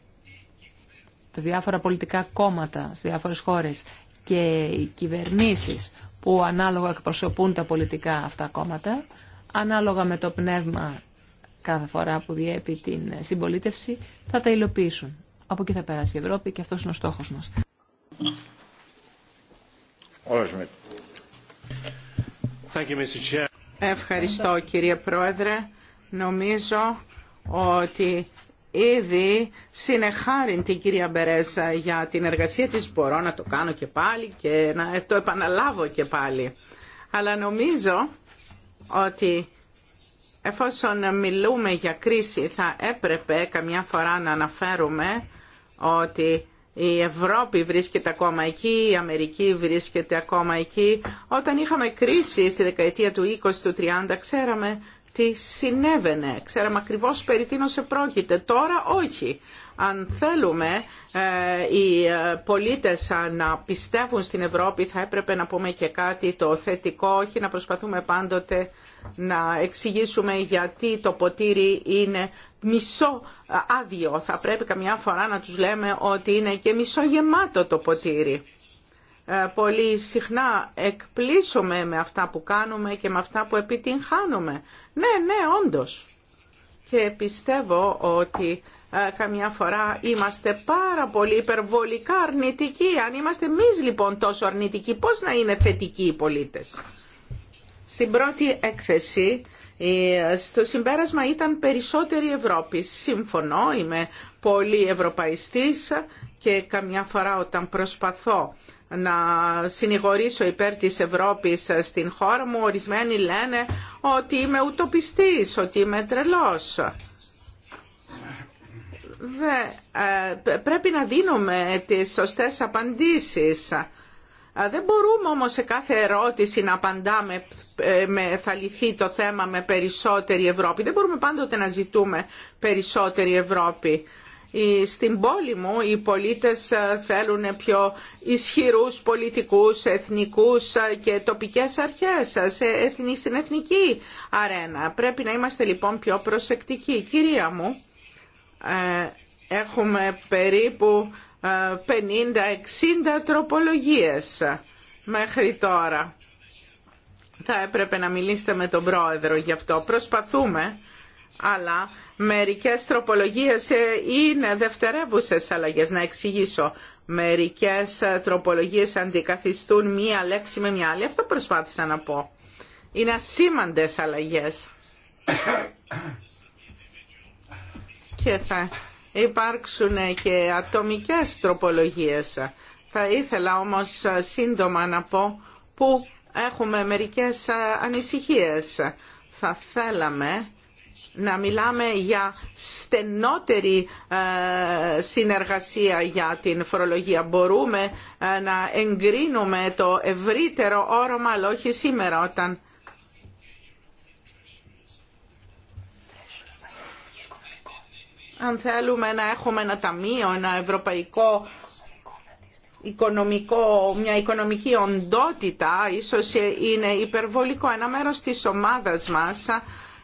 τα διάφορα πολιτικά κόμματα στις διάφορες χώρες και οι κυβερνήσεις που ανάλογα εκπροσωπούν τα πολιτικά αυτά κόμματα, ανάλογα με το πνεύμα κάθε φορά που διέπει την συμπολίτευση, θα τα υλοποιήσουν. Από εκεί θα περάσει η Ευρώπη και αυτός είναι ο στόχος μας. Ευχαριστώ κύριε Πρόεδρε. Νομίζω ότι ήδη συνεχάριν την κυρία Μπερέσα για την εργασία της. Μπορώ να το κάνω και πάλι και να το επαναλάβω και πάλι. Αλλά νομίζω ότι εφόσον μιλούμε για κρίση θα έπρεπε καμιά φορά να αναφέρουμε ότι η Ευρώπη βρίσκεται ακόμα εκεί, η Αμερική βρίσκεται ακόμα εκεί. Όταν είχαμε κρίση στη δεκαετία του 20 του 30 ξέραμε τι συνέβαινε, ξέραμε ακριβώς περί σε πρόκειται. Τώρα όχι. Αν θέλουμε ε, οι ε, πολίτες να πιστεύουν στην Ευρώπη θα έπρεπε να πούμε και κάτι το θετικό, όχι να προσπαθούμε πάντοτε να εξηγήσουμε γιατί το ποτήρι είναι μισό άδειο. Θα πρέπει καμιά φορά να τους λέμε ότι είναι και μισό γεμάτο το ποτήρι. Ε, πολύ συχνά εκπλήσουμε με αυτά που κάνουμε και με αυτά που επιτυγχάνουμε. Ναι, ναι, όντως. Και πιστεύω ότι ε, καμιά φορά είμαστε πάρα πολύ υπερβολικά αρνητικοί. Αν είμαστε εμεί λοιπόν τόσο αρνητικοί, πώς να είναι θετικοί οι πολίτες. Στην πρώτη έκθεση ε, στο συμπέρασμα ήταν περισσότερη Ευρώπη. Συμφωνώ, είμαι πολύ ευρωπαϊστής και καμιά φορά όταν προσπαθώ να συνηγορήσω υπέρ της Ευρώπης στην χώρα μου, ορισμένοι λένε ότι είμαι ουτοπιστής, ότι είμαι τρελός. Ε, πρέπει να δίνουμε τις σωστές απαντήσεις δεν μπορούμε όμως σε κάθε ερώτηση να απαντάμε ε, με, θα λυθεί το θέμα με περισσότερη Ευρώπη. Δεν μπορούμε πάντοτε να ζητούμε περισσότερη Ευρώπη. Στην πόλη μου οι πολίτες ε, θέλουν πιο ισχυρούς πολιτικούς, εθνικούς ε, και τοπικές αρχές στην εθνική αρένα. Πρέπει να είμαστε λοιπόν πιο προσεκτικοί. Κυρία μου, έχουμε περίπου 50-60 τροπολογίες μέχρι τώρα. Θα έπρεπε να μιλήσετε με τον πρόεδρο γι' αυτό. Προσπαθούμε, αλλά μερικές τροπολογίες ε, είναι δευτερεύουσες αλλαγές. Να εξηγήσω. Μερικές ε, τροπολογίες αντικαθιστούν μία λέξη με μία άλλη. Αυτό προσπάθησα να πω. Είναι ασήμαντες αλλαγές. Και θα υπάρξουν και ατομικές τροπολογίες. Θα ήθελα όμως σύντομα να πω που έχουμε μερικές ανησυχίες. Θα θέλαμε να μιλάμε για στενότερη ε, συνεργασία για την φορολογία. Μπορούμε ε, να εγκρίνουμε το ευρύτερο όρομα, αλλά όχι σήμερα όταν αν θέλουμε να έχουμε ένα ταμείο, ένα ευρωπαϊκό οικονομικό, μια οικονομική οντότητα, ίσως είναι υπερβολικό. Ένα μέρος της ομάδας μας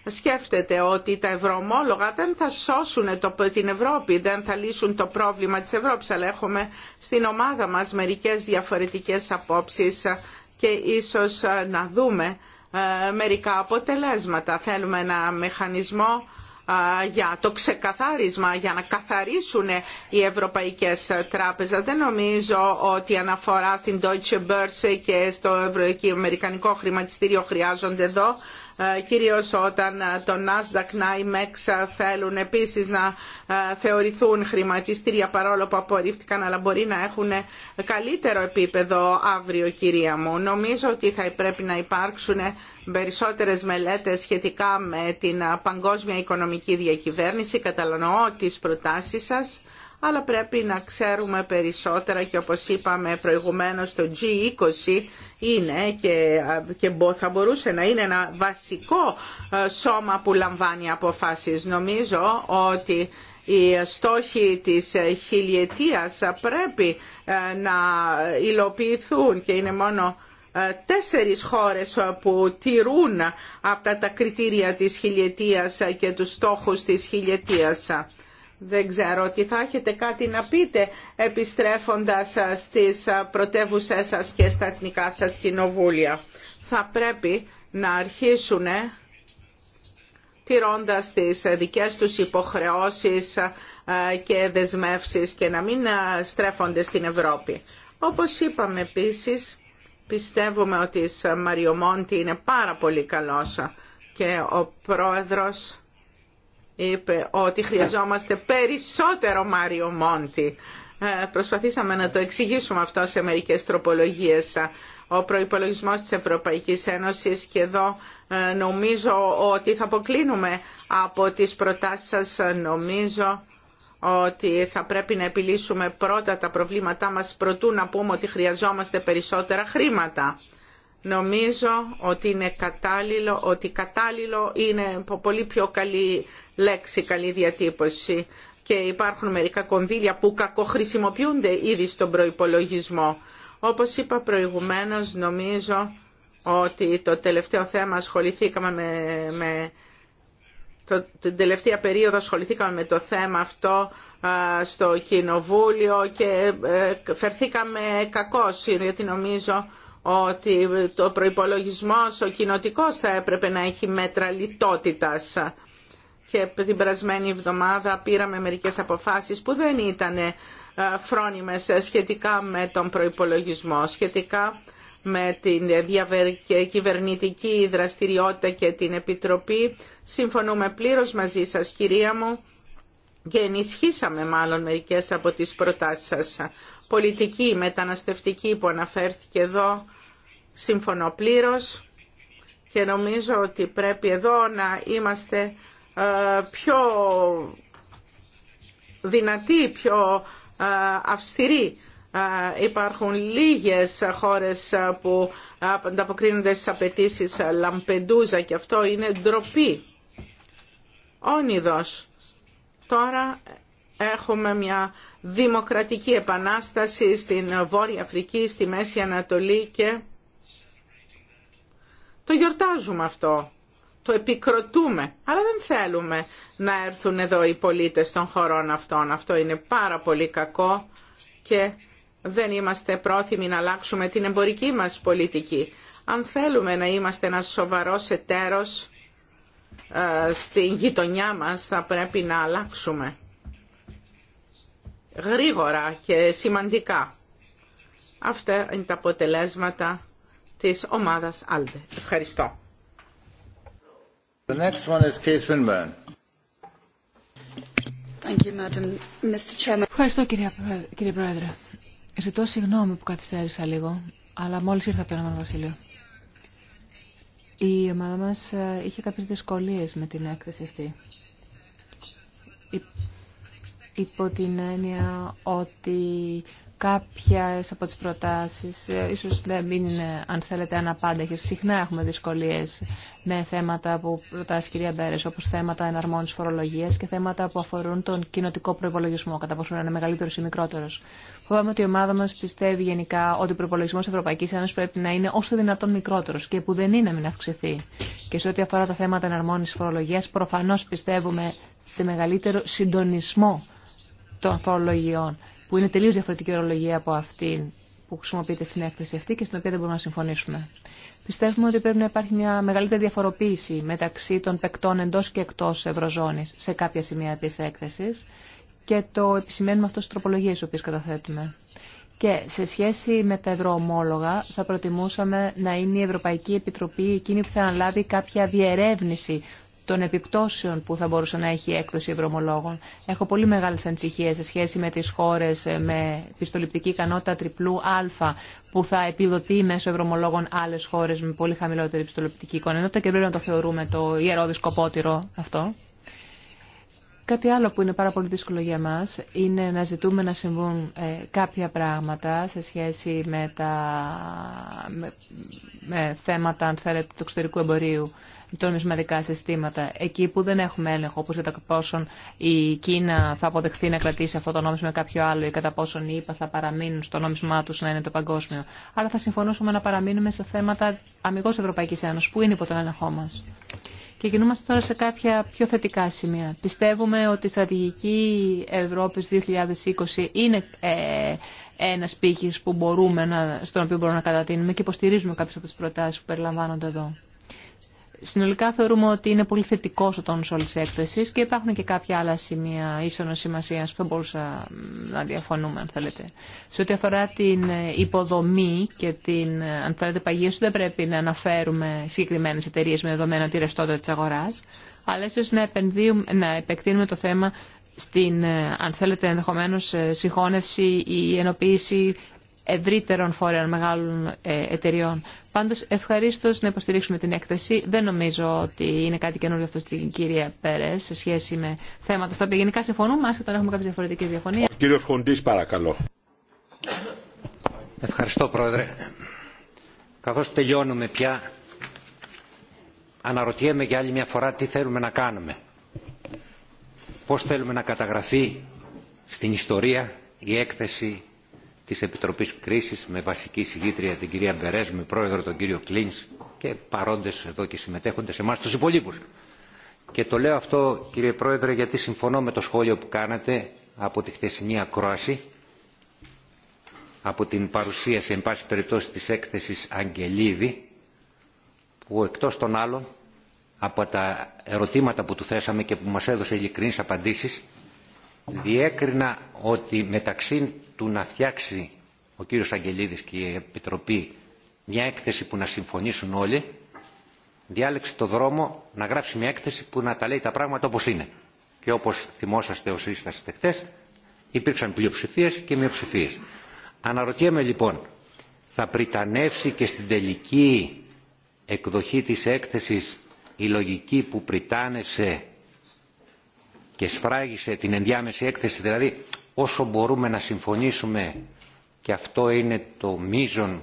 σκέφτεται ότι τα ευρωομόλογα δεν θα σώσουν το, την Ευρώπη, δεν θα λύσουν το πρόβλημα της Ευρώπης, αλλά έχουμε στην ομάδα μας μερικές διαφορετικές απόψεις και ίσως να δούμε ε, μερικά αποτελέσματα. Θέλουμε ένα μηχανισμό για το ξεκαθάρισμα, για να καθαρίσουν οι ευρωπαϊκές τράπεζες. Δεν νομίζω ότι αναφορά στην Deutsche Börse και στο Αμερικανικό χρηματιστήριο χρειάζονται εδώ ε, κυρίως όταν ε, το Nasdaq, MEX ε, θέλουν επίσης να θεωρηθούν χρηματιστήρια παρόλο που απορρίφθηκαν αλλά μπορεί να έχουν καλύτερο επίπεδο αύριο κυρία μου. Νομίζω ότι θα πρέπει να υπάρξουν περισσότερες μελέτες σχετικά με την παγκόσμια οικονομική διακυβέρνηση. Κατανοώ τις προτάσεις σας αλλά πρέπει να ξέρουμε περισσότερα και όπως είπαμε προηγουμένως το G20 είναι και, και θα μπορούσε να είναι ένα βασικό ε, σώμα που λαμβάνει αποφάσεις. Νομίζω ότι οι στόχοι της ε, χιλιετίας πρέπει ε, να υλοποιηθούν και είναι μόνο τέσσερις χώρες που τηρούν αυτά τα κριτήρια της χιλιετίας και τους στόχους της χιλιετίας. Δεν ξέρω ότι θα έχετε κάτι να πείτε επιστρέφοντας στις πρωτεύουσές σας και στα εθνικά σας κοινοβούλια. Θα πρέπει να αρχίσουν ε, τηρώντας τις δικές τους υποχρεώσεις ε, και δεσμεύσεις και να μην ε, στρέφονται στην Ευρώπη. Όπως είπαμε επίσης, πιστεύουμε ότι η Μαριομόντι είναι πάρα πολύ καλός και ο πρόεδρος είπε ότι χρειαζόμαστε περισσότερο Μάριο Μόντι. Ε, προσπαθήσαμε να το εξηγήσουμε αυτό σε μερικές τροπολογίες. Ο προϋπολογισμός της Ευρωπαϊκής Ένωσης και εδώ ε, νομίζω ότι θα αποκλίνουμε από τις προτάσεις σας. Νομίζω ότι θα πρέπει να επιλύσουμε πρώτα τα προβλήματά μας προτού να πούμε ότι χρειαζόμαστε περισσότερα χρήματα. Νομίζω ότι είναι κατάλληλο, ότι κατάλληλο είναι πολύ πιο καλή λέξη, καλή διατύπωση και υπάρχουν μερικά κονδύλια που κακοχρησιμοποιούνται ήδη στον προϋπολογισμό. Όπως είπα προηγουμένως, νομίζω ότι το τελευταίο θέμα ασχοληθήκαμε με, με το, την τελευταία περίοδο ασχοληθήκαμε με το θέμα αυτό στο Κοινοβούλιο και ε, φερθήκαμε κακώς, γιατί νομίζω ότι το προϋπολογισμός ο κοινότικό θα έπρεπε να έχει μέτρα λιτότητας και την περασμένη εβδομάδα πήραμε μερικές αποφάσεις που δεν ήταν ε, φρόνιμες σχετικά με τον προϋπολογισμό, σχετικά με την κυβερνητική δραστηριότητα και την Επιτροπή. Συμφωνούμε πλήρως μαζί σας, κυρία μου, και ενισχύσαμε μάλλον μερικές από τις προτάσεις σας πολιτική μεταναστευτική που αναφέρθηκε εδώ. Συμφωνώ πλήρως και νομίζω ότι πρέπει εδώ να είμαστε ε, πιο δυνατοί, πιο ε, αυστηροί. Ε, υπάρχουν λίγες χώρες που ανταποκρίνονται στις απαιτήσει Λαμπεντούζα και αυτό είναι ντροπή. Όνειδος. Τώρα έχουμε μια δημοκρατική επανάσταση στην Βόρεια Αφρική, στη Μέση Ανατολή και το γιορτάζουμε αυτό, το επικροτούμε, αλλά δεν θέλουμε να έρθουν εδώ οι πολίτες των χωρών αυτών. Αυτό είναι πάρα πολύ κακό και δεν είμαστε πρόθυμοι να αλλάξουμε την εμπορική μας πολιτική. Αν θέλουμε να είμαστε ένα σοβαρό εταίρος ε, στην γειτονιά μας θα πρέπει να αλλάξουμε γρήγορα και σημαντικά. Αυτά είναι τα αποτελέσματα της ομάδας ALDE. Ευχαριστώ. The Ευχαριστώ κυρία, κύριε Πρόεδρε. Ζητώ συγγνώμη που καθυστέρησα λίγο, αλλά μόλις ήρθα από το Ηνωμένο Βασίλειο. Η ομάδα μας ε, είχε κάποιες δυσκολίες με την έκθεση αυτή υπό την έννοια ότι κάποιες από τις προτάσεις ε, ίσως δεν είναι, αν θέλετε, αναπάντεχες. Συχνά έχουμε δυσκολίες με θέματα που προτάσει η κυρία Μπέρες, όπως θέματα εναρμόνισης φορολογίας και θέματα που αφορούν τον κοινοτικό προϋπολογισμό, κατά πόσο είναι μεγαλύτερος ή μικρότερος. Φοβάμαι ότι η ομάδα μας πιστεύει γενικά ότι ο προϋπολογισμός της Ευρωπαϊκής Ένωσης πρέπει να είναι όσο δυνατόν μικρότερος και που δεν είναι να μην αυξηθεί. Και σε ό,τι αφορά τα θέματα εναρμόνισης φορολογίας, προφανώς πιστεύουμε σε μεγαλύτερο συντονισμό των φορολογιών, που είναι τελείω διαφορετική ορολογία από αυτή που χρησιμοποιείται στην έκθεση αυτή και στην οποία δεν μπορούμε να συμφωνήσουμε. Πιστεύουμε ότι πρέπει να υπάρχει μια μεγαλύτερη διαφοροποίηση μεταξύ των παικτών εντό και εκτό Ευρωζώνη σε κάποια σημεία τη έκθεση και το επισημαίνουμε αυτό τροπολογίε τροπολογίες οποίες καταθέτουμε. Και σε σχέση με τα ευρωομόλογα θα προτιμούσαμε να είναι η Ευρωπαϊκή Επιτροπή εκείνη που θα αναλάβει κάποια διερεύνηση των επιπτώσεων που θα μπορούσε να έχει η έκδοση ευρωμολόγων. Έχω πολύ μεγάλες ανησυχίε σε σχέση με τις χώρες με πιστοληπτική ικανότητα τριπλού α που θα επιδοτεί μέσω ευρωμολόγων άλλες χώρες με πολύ χαμηλότερη πιστοληπτική ικανότητα και πρέπει να το θεωρούμε το ιερό δισκοπότηρο αυτό. Κάτι άλλο που είναι πάρα πολύ δύσκολο για μας είναι να ζητούμε να συμβούν ε, κάποια πράγματα σε σχέση με, τα, με, με θέματα αν θέλετε, του εξωτερικού εμπορίου των νομισματικά συστήματα. Εκεί που δεν έχουμε έλεγχο, όπω το πόσον η Κίνα θα αποδεχθεί να κρατήσει αυτό το νόμισμα με κάποιο άλλο ή κατά πόσον οι ΗΠΑ θα παραμείνουν στο νόμισμά του να είναι το παγκόσμιο. Άρα θα συμφωνούσαμε να παραμείνουμε σε θέματα αμυγό Ευρωπαϊκή Ένωση, που είναι υπό τον έλεγχό μα. Και κινούμαστε τώρα σε κάποια πιο θετικά σημεία. Πιστεύουμε ότι η στρατηγική Ευρώπης 2020 είναι ε, ένας πύχης στον οποίο μπορούμε να κατατείνουμε και υποστηρίζουμε κάποιε από τι προτάσει που περιλαμβάνονται εδώ. Συνολικά θεωρούμε ότι είναι πολύ θετικό ο τόνο όλη τη έκθεση και υπάρχουν και κάποια άλλα σημεία ίσονο σημασία που θα μπορούσα να διαφωνούμε, αν θέλετε. Σε ό,τι αφορά την ε, υποδομή και την, ε, αν θέλετε, παγίωση, δεν πρέπει να αναφέρουμε συγκεκριμένε εταιρείε με δεδομένα τη ρευστότητα τη αγορά, αλλά ίσω να, να επεκτείνουμε το θέμα στην, ε, αν θέλετε, ενδεχομένω συγχώνευση ή ενοποίηση ευρύτερων φορέων μεγάλων ε, εταιριών. Πάντως ευχαριστώ να υποστηρίξουμε την έκθεση. Δεν νομίζω ότι είναι κάτι καινούριο αυτό στην κυρία Πέρες σε σχέση με θέματα στα οποία γενικά συμφωνούμε, άσχετα να έχουμε κάποιε διαφορετικέ διαφωνίε. Κύριο κύριος παρακαλώ. Ευχαριστώ Πρόεδρε. Καθώ τελειώνουμε πια, αναρωτιέμαι για άλλη μια φορά τι θέλουμε να κάνουμε. Πώ θέλουμε να καταγραφεί στην ιστορία η έκθεση τη Επιτροπής κρίση, με βασική συγγήτρια την κυρία Μπερέζ, με πρόεδρο τον κύριο Κλίνς και παρόντες εδώ και συμμετέχοντε εμά του υπολείπου. Και το λέω αυτό κύριε Πρόεδρε γιατί συμφωνώ με το σχόλιο που κάνατε από τη χθεσινή ακρόαση, από την παρουσίαση εν πάση περιπτώσει της έκθεσης Αγγελίδη που εκτός των άλλων από τα ερωτήματα που του θέσαμε και που μας έδωσε ειλικρινείς απαντήσεις διέκρινα ότι μεταξύ του να φτιάξει ο κύριος Αγγελίδης και η Επιτροπή μια έκθεση που να συμφωνήσουν όλοι, διάλεξε το δρόμο να γράψει μια έκθεση που να τα λέει τα πράγματα όπως είναι. Και όπως θυμόσαστε όσοι τα χτες, υπήρξαν πλειοψηφίες και μειοψηφίες. Αναρωτιέμαι λοιπόν, θα πριτανεύσει και στην τελική εκδοχή της έκθεσης η λογική που πριτάνευσε και σφράγισε την ενδιάμεση έκθεση, δηλαδή όσο μπορούμε να συμφωνήσουμε και αυτό είναι το μείζον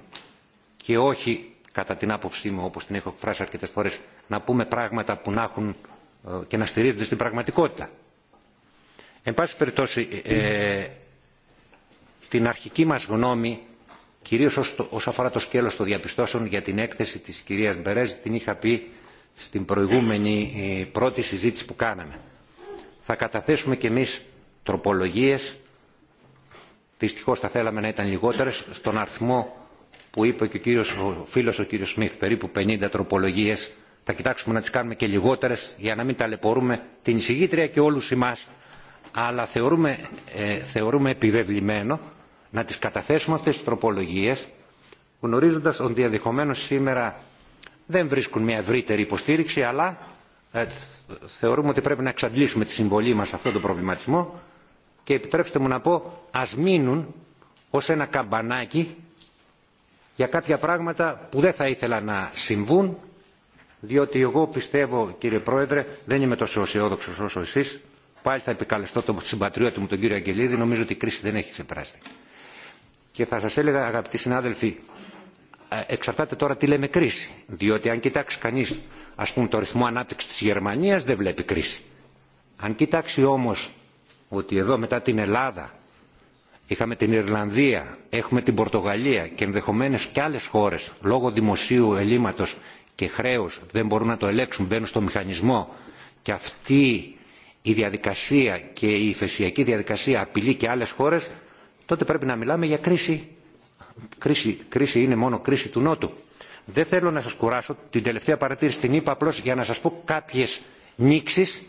και όχι κατά την άποψή μου όπως την έχω εκφράσει αρκετές φορές να πούμε πράγματα που να έχουν ε, και να στηρίζονται στην πραγματικότητα. Εν πάση περιπτώσει ε, ε, την αρχική μας γνώμη κυρίως όσο αφορά το σκέλος των διαπιστώσεων για την έκθεση της κυρίας Μπερέζη, την είχα πει στην προηγούμενη πρώτη συζήτηση που κάναμε θα καταθέσουμε κι εμείς τροπολογίες δυστυχώς θα θέλαμε να ήταν λιγότερες στον αριθμό που είπε και ο, κύριος, ο φίλος ο κύριος Σμιθ περίπου 50 τροπολογίες θα κοιτάξουμε να τις κάνουμε και λιγότερες για να μην ταλαιπωρούμε την εισηγήτρια και όλους εμάς αλλά θεωρούμε, ε, θεωρούμε επιβεβλημένο να τις καταθέσουμε αυτές τις τροπολογίες γνωρίζοντας ότι ενδεχομένω σήμερα δεν βρίσκουν μια ευρύτερη υποστήριξη αλλά ε, θεωρούμε ότι πρέπει να εξαντλήσουμε τη συμβολή μας σε αυτόν τον προβληματισμό και επιτρέψτε μου να πω ας μείνουν ως ένα καμπανάκι για κάποια πράγματα που δεν θα ήθελα να συμβούν διότι εγώ πιστεύω κύριε Πρόεδρε δεν είμαι τόσο αισιόδοξο όσο εσείς πάλι θα επικαλεστώ τον συμπατριώτη μου τον κύριο Αγγελίδη νομίζω ότι η κρίση δεν έχει ξεπεράσει και θα σας έλεγα αγαπητοί συνάδελφοι ε, εξαρτάται τώρα τι λέμε κρίση διότι αν κοιτάξει κανείς ας πούμε το ρυθμό ανάπτυξης της Γερμανίας δεν βλέπει κρίση. Αν κοιτάξει όμως ότι εδώ μετά την Ελλάδα είχαμε την Ιρλανδία, έχουμε την Πορτογαλία και ενδεχομένως και άλλες χώρες λόγω δημοσίου ελλείμματος και χρέους δεν μπορούν να το ελέγξουν μπαίνουν στο μηχανισμό και αυτή η διαδικασία και η ηφαισιακή διαδικασία απειλεί και άλλες χώρες τότε πρέπει να μιλάμε για κρίση. Κρίση, κρίση είναι μόνο κρίση του Νότου. Δεν θέλω να σας κουράσω, την τελευταία παρατήρηση την είπα απλώς για να σας πω κάποιες νήξεις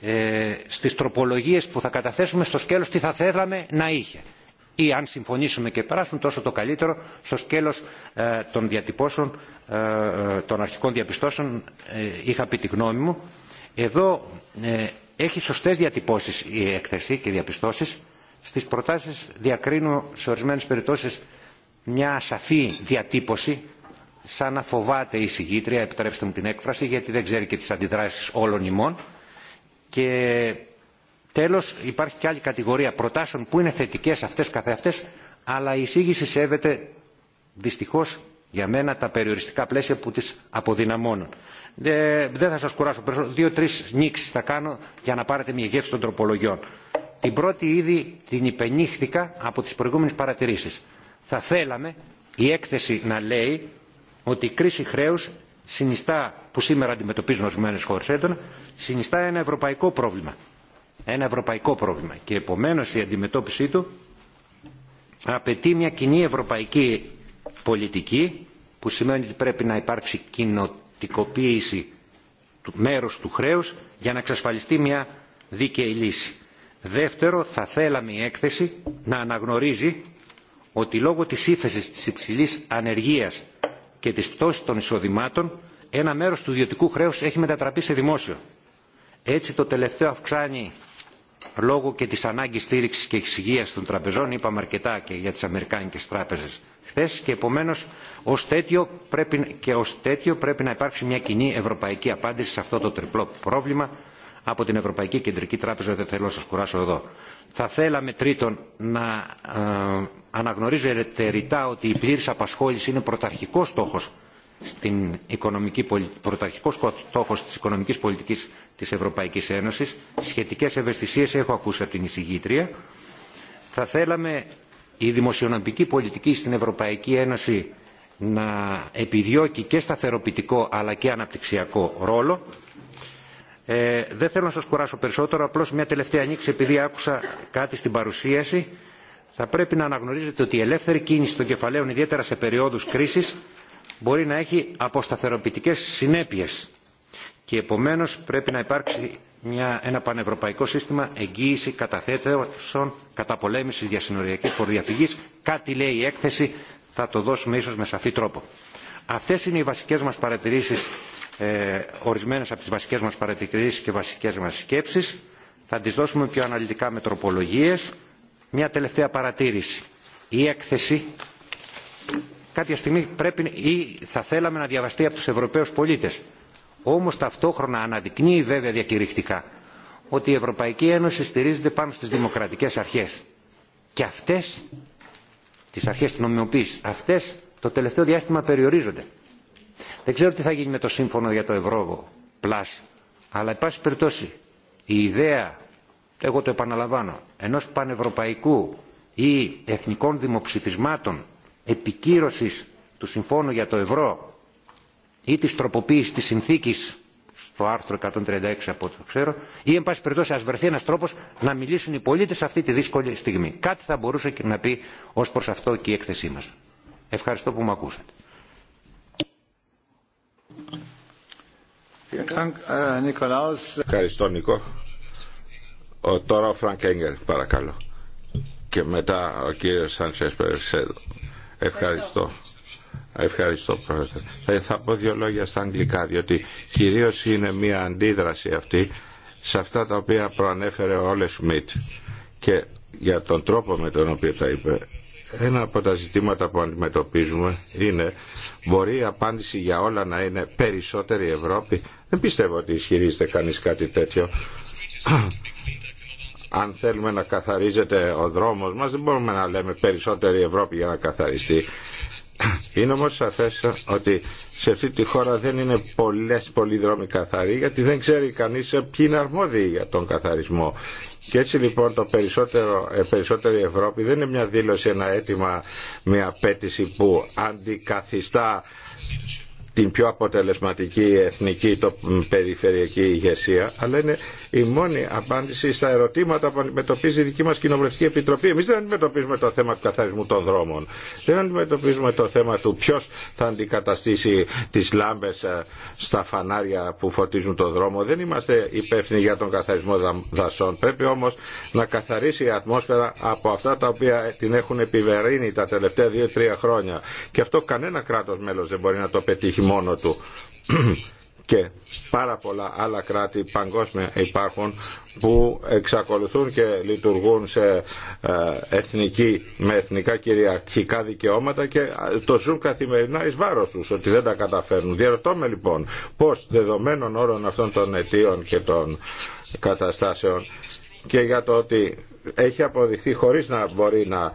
ε, στις τροπολογίες που θα καταθέσουμε στο σκέλος τι θα θέλαμε να είχε. Ή αν συμφωνήσουμε και περάσουν τόσο το καλύτερο στο σκέλος ε, των διατυπώσεων, ε, ε, των αρχικών διαπιστώσεων είχα πει τη γνώμη μου. Εδώ έχει σωστές διατυπώσεις η έκθεση και διαπιστώσεις. Στις προτάσεις διακρίνω σε ορισμένες περιπτώσεις μια σαφή διατύπωση σαν να φοβάται η συγγήτρια, επιτρέψτε μου την έκφραση, γιατί δεν ξέρει και τις αντιδράσεις όλων ημών. Και τέλος υπάρχει και άλλη κατηγορία προτάσεων που είναι θετικές αυτές καθεαυτές, αλλά η εισήγηση σέβεται δυστυχώς για μένα τα περιοριστικά πλαίσια που τις αποδυναμώνουν. Ε, δεν θα σας κουράσω περισσότερο. Δύο-τρεις νήξεις θα κάνω για να πάρετε μια γεύση των τροπολογιών. Την πρώτη ήδη την υπενήχθηκα από τις προηγούμενες παρατηρήσεις. Θα θέλαμε η έκθεση να λέει ότι η κρίση χρέου συνιστά, που σήμερα αντιμετωπίζουν ορισμένε χώρε έντονα, συνιστά ένα ευρωπαϊκό πρόβλημα. Ένα ευρωπαϊκό πρόβλημα. Και επομένως η αντιμετώπιση του απαιτεί μια κοινή ευρωπαϊκή πολιτική, που σημαίνει ότι πρέπει να υπάρξει κοινοτικοποίηση του μέρους του χρέους για να εξασφαλιστεί μια δίκαιη λύση. Δεύτερο, θα θέλαμε η έκθεση να αναγνωρίζει ότι λόγω της ύφεσης της υψηλής ανεργίας και της πτώσης των εισοδημάτων, ένα μέρος του ιδιωτικού χρέους έχει μετατραπεί σε δημόσιο. Έτσι το τελευταίο αυξάνει λόγω και της ανάγκης στήριξης και εξυγείας των τραπεζών, είπαμε αρκετά και για τις Αμερικάνικες τράπεζες χθε, και επομένως ως τέτοιο πρέπει, και ως τέτοιο πρέπει να υπάρξει μια κοινή ευρωπαϊκή απάντηση σε αυτό το τριπλό πρόβλημα από την Ευρωπαϊκή Κεντρική Τράπεζα, δεν θέλω να σας κουράσω εδώ. Θα θέλαμε τρίτον να ε, αναγνωρίζετε ρητά ότι η πλήρης απασχόληση είναι πρωταρχικό στόχος στην οικονομική, πρωταρχικός στόχος της οικονομικής πολιτικής της Ευρωπαϊκής Ένωσης. Σχετικές ευαισθησίες έχω ακούσει από την εισηγήτρια. Θα θέλαμε η δημοσιονομική πολιτική στην Ευρωπαϊκή Ένωση να επιδιώκει και σταθεροποιητικό αλλά και αναπτυξιακό ρόλο ε, δεν θέλω να σας κουράσω περισσότερο, απλώς μια τελευταία ανοίξη επειδή άκουσα κάτι στην παρουσίαση. Θα πρέπει να αναγνωρίζετε ότι η ελεύθερη κίνηση των κεφαλαίων, ιδιαίτερα σε περιόδους κρίσης, μπορεί να έχει αποσταθεροποιητικές συνέπειες και επομένως πρέπει να υπάρξει μια, ένα πανευρωπαϊκό σύστημα εγγύηση καταθέτεων καταπολέμησης διασυνοριακής φοροδιαφυγή. Κάτι λέει η έκθεση, θα το δώσουμε ίσως με σαφή τρόπο. Αυτές είναι οι βασικές μας παρατηρήσεις ε, ορισμένες από τις βασικές μας παρατηρήσεις και βασικές μας σκέψεις. Θα τις δώσουμε πιο αναλυτικά με τροπολογίες. Μια τελευταία παρατήρηση. Η έκθεση κάποια στιγμή πρέπει ή θα θέλαμε να διαβαστεί από τους Ευρωπαίους πολίτες. Όμως ταυτόχρονα αναδεικνύει βέβαια διακηρυχτικά ότι η Ευρωπαϊκή Ένωση στηρίζεται πάνω στις δημοκρατικές αρχές. Και αυτές, τις αρχές της νομιμοποίησης, αυτές το τελευταίο διάστημα περιορίζονται. Δεν ξέρω τι θα γίνει με το σύμφωνο για το ευρώ πλάς, αλλά εν περιπτώσει η ιδέα, εγώ το επαναλαμβάνω, ενός πανευρωπαϊκού ή εθνικών δημοψηφισμάτων επικύρωσης του συμφώνου για το ευρώ ή της τροποποίησης της συνθήκης στο άρθρο 136 από ό,τι ξέρω ή εν πάση περιπτώσει ας βρεθεί ένας τρόπος να μιλήσουν οι πολίτες σε αυτή τη δύσκολη στιγμή. Κάτι θα μπορούσε να πει ως προς αυτό και η έκθεσή μας. Ευχαριστώ που με ακούσατε. Äh, Ευχαριστώ Νίκο. Ο, τώρα ο Φρανκ Έγκερ, παρακαλώ. Και μετά ο κύριος Σάντσες Περσέδο. Ευχαριστώ. Ευχαριστώ πρόεδρε. Θα, ε, θα πω δύο λόγια στα αγγλικά, διότι κυρίως είναι μια αντίδραση αυτή σε αυτά τα οποία προανέφερε ο Όλε Σμιτ και για τον τρόπο με τον οποίο τα είπε ένα από τα ζητήματα που αντιμετωπίζουμε είναι μπορεί η απάντηση για όλα να είναι περισσότερη Ευρώπη. Δεν πιστεύω ότι ισχυρίζεται κανείς κάτι τέτοιο. Αν θέλουμε να καθαρίζεται ο δρόμος μας δεν μπορούμε να λέμε περισσότερη Ευρώπη για να καθαριστεί. Είναι όμως σαφές ότι σε αυτή τη χώρα δεν είναι πολλές δρόμοι καθαροί γιατί δεν ξέρει κανείς ποιοι είναι αρμόδιοι για τον καθαρισμό. Και έτσι λοιπόν το περισσότερο, ε, περισσότερη Ευρώπη δεν είναι μια δήλωση, ένα αίτημα, μια απέτηση που αντικαθιστά την πιο αποτελεσματική εθνική το, περιφερειακή ηγεσία, αλλά είναι η μόνη απάντηση στα ερωτήματα που αντιμετωπίζει η δική μα Κοινοβουλευτική Επιτροπή. Εμεί δεν αντιμετωπίζουμε το θέμα του καθαρισμού των δρόμων. Δεν αντιμετωπίζουμε το θέμα του ποιο θα αντικαταστήσει τι λάμπε ε, στα φανάρια που φωτίζουν τον δρόμο. Δεν είμαστε υπεύθυνοι για τον καθαρισμό δασών. Πρέπει όμω να καθαρίσει η ατμόσφαιρα από αυτά τα οποία την έχουν επιβερύνει τα τελευταία δύο-τρία χρόνια. Και αυτό κανένα κράτο μέλο δεν μπορεί να το πετύχει μόνο του και πάρα πολλά άλλα κράτη παγκόσμια υπάρχουν που εξακολουθούν και λειτουργούν σε ε, εθνική, με εθνικά κυριαρχικά δικαιώματα και το ζουν καθημερινά εις βάρος τους ότι δεν τα καταφέρνουν. Διερωτώμε λοιπόν πώς δεδομένων όρων αυτών των αιτίων και των καταστάσεων και για το ότι έχει αποδειχθεί χωρίς να μπορεί να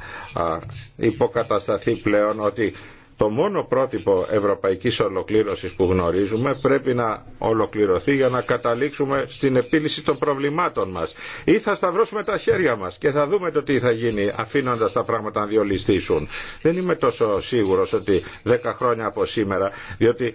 υποκατασταθεί πλέον ότι το μόνο πρότυπο ευρωπαϊκής ολοκλήρωσης που γνωρίζουμε πρέπει να ολοκληρωθεί για να καταλήξουμε στην επίλυση των προβλημάτων μας. Ή θα σταυρώσουμε τα χέρια μας και θα δούμε το τι θα γίνει αφήνοντας τα πράγματα να διολυστήσουν. Δεν είμαι τόσο σίγουρος ότι 10 χρόνια από σήμερα, διότι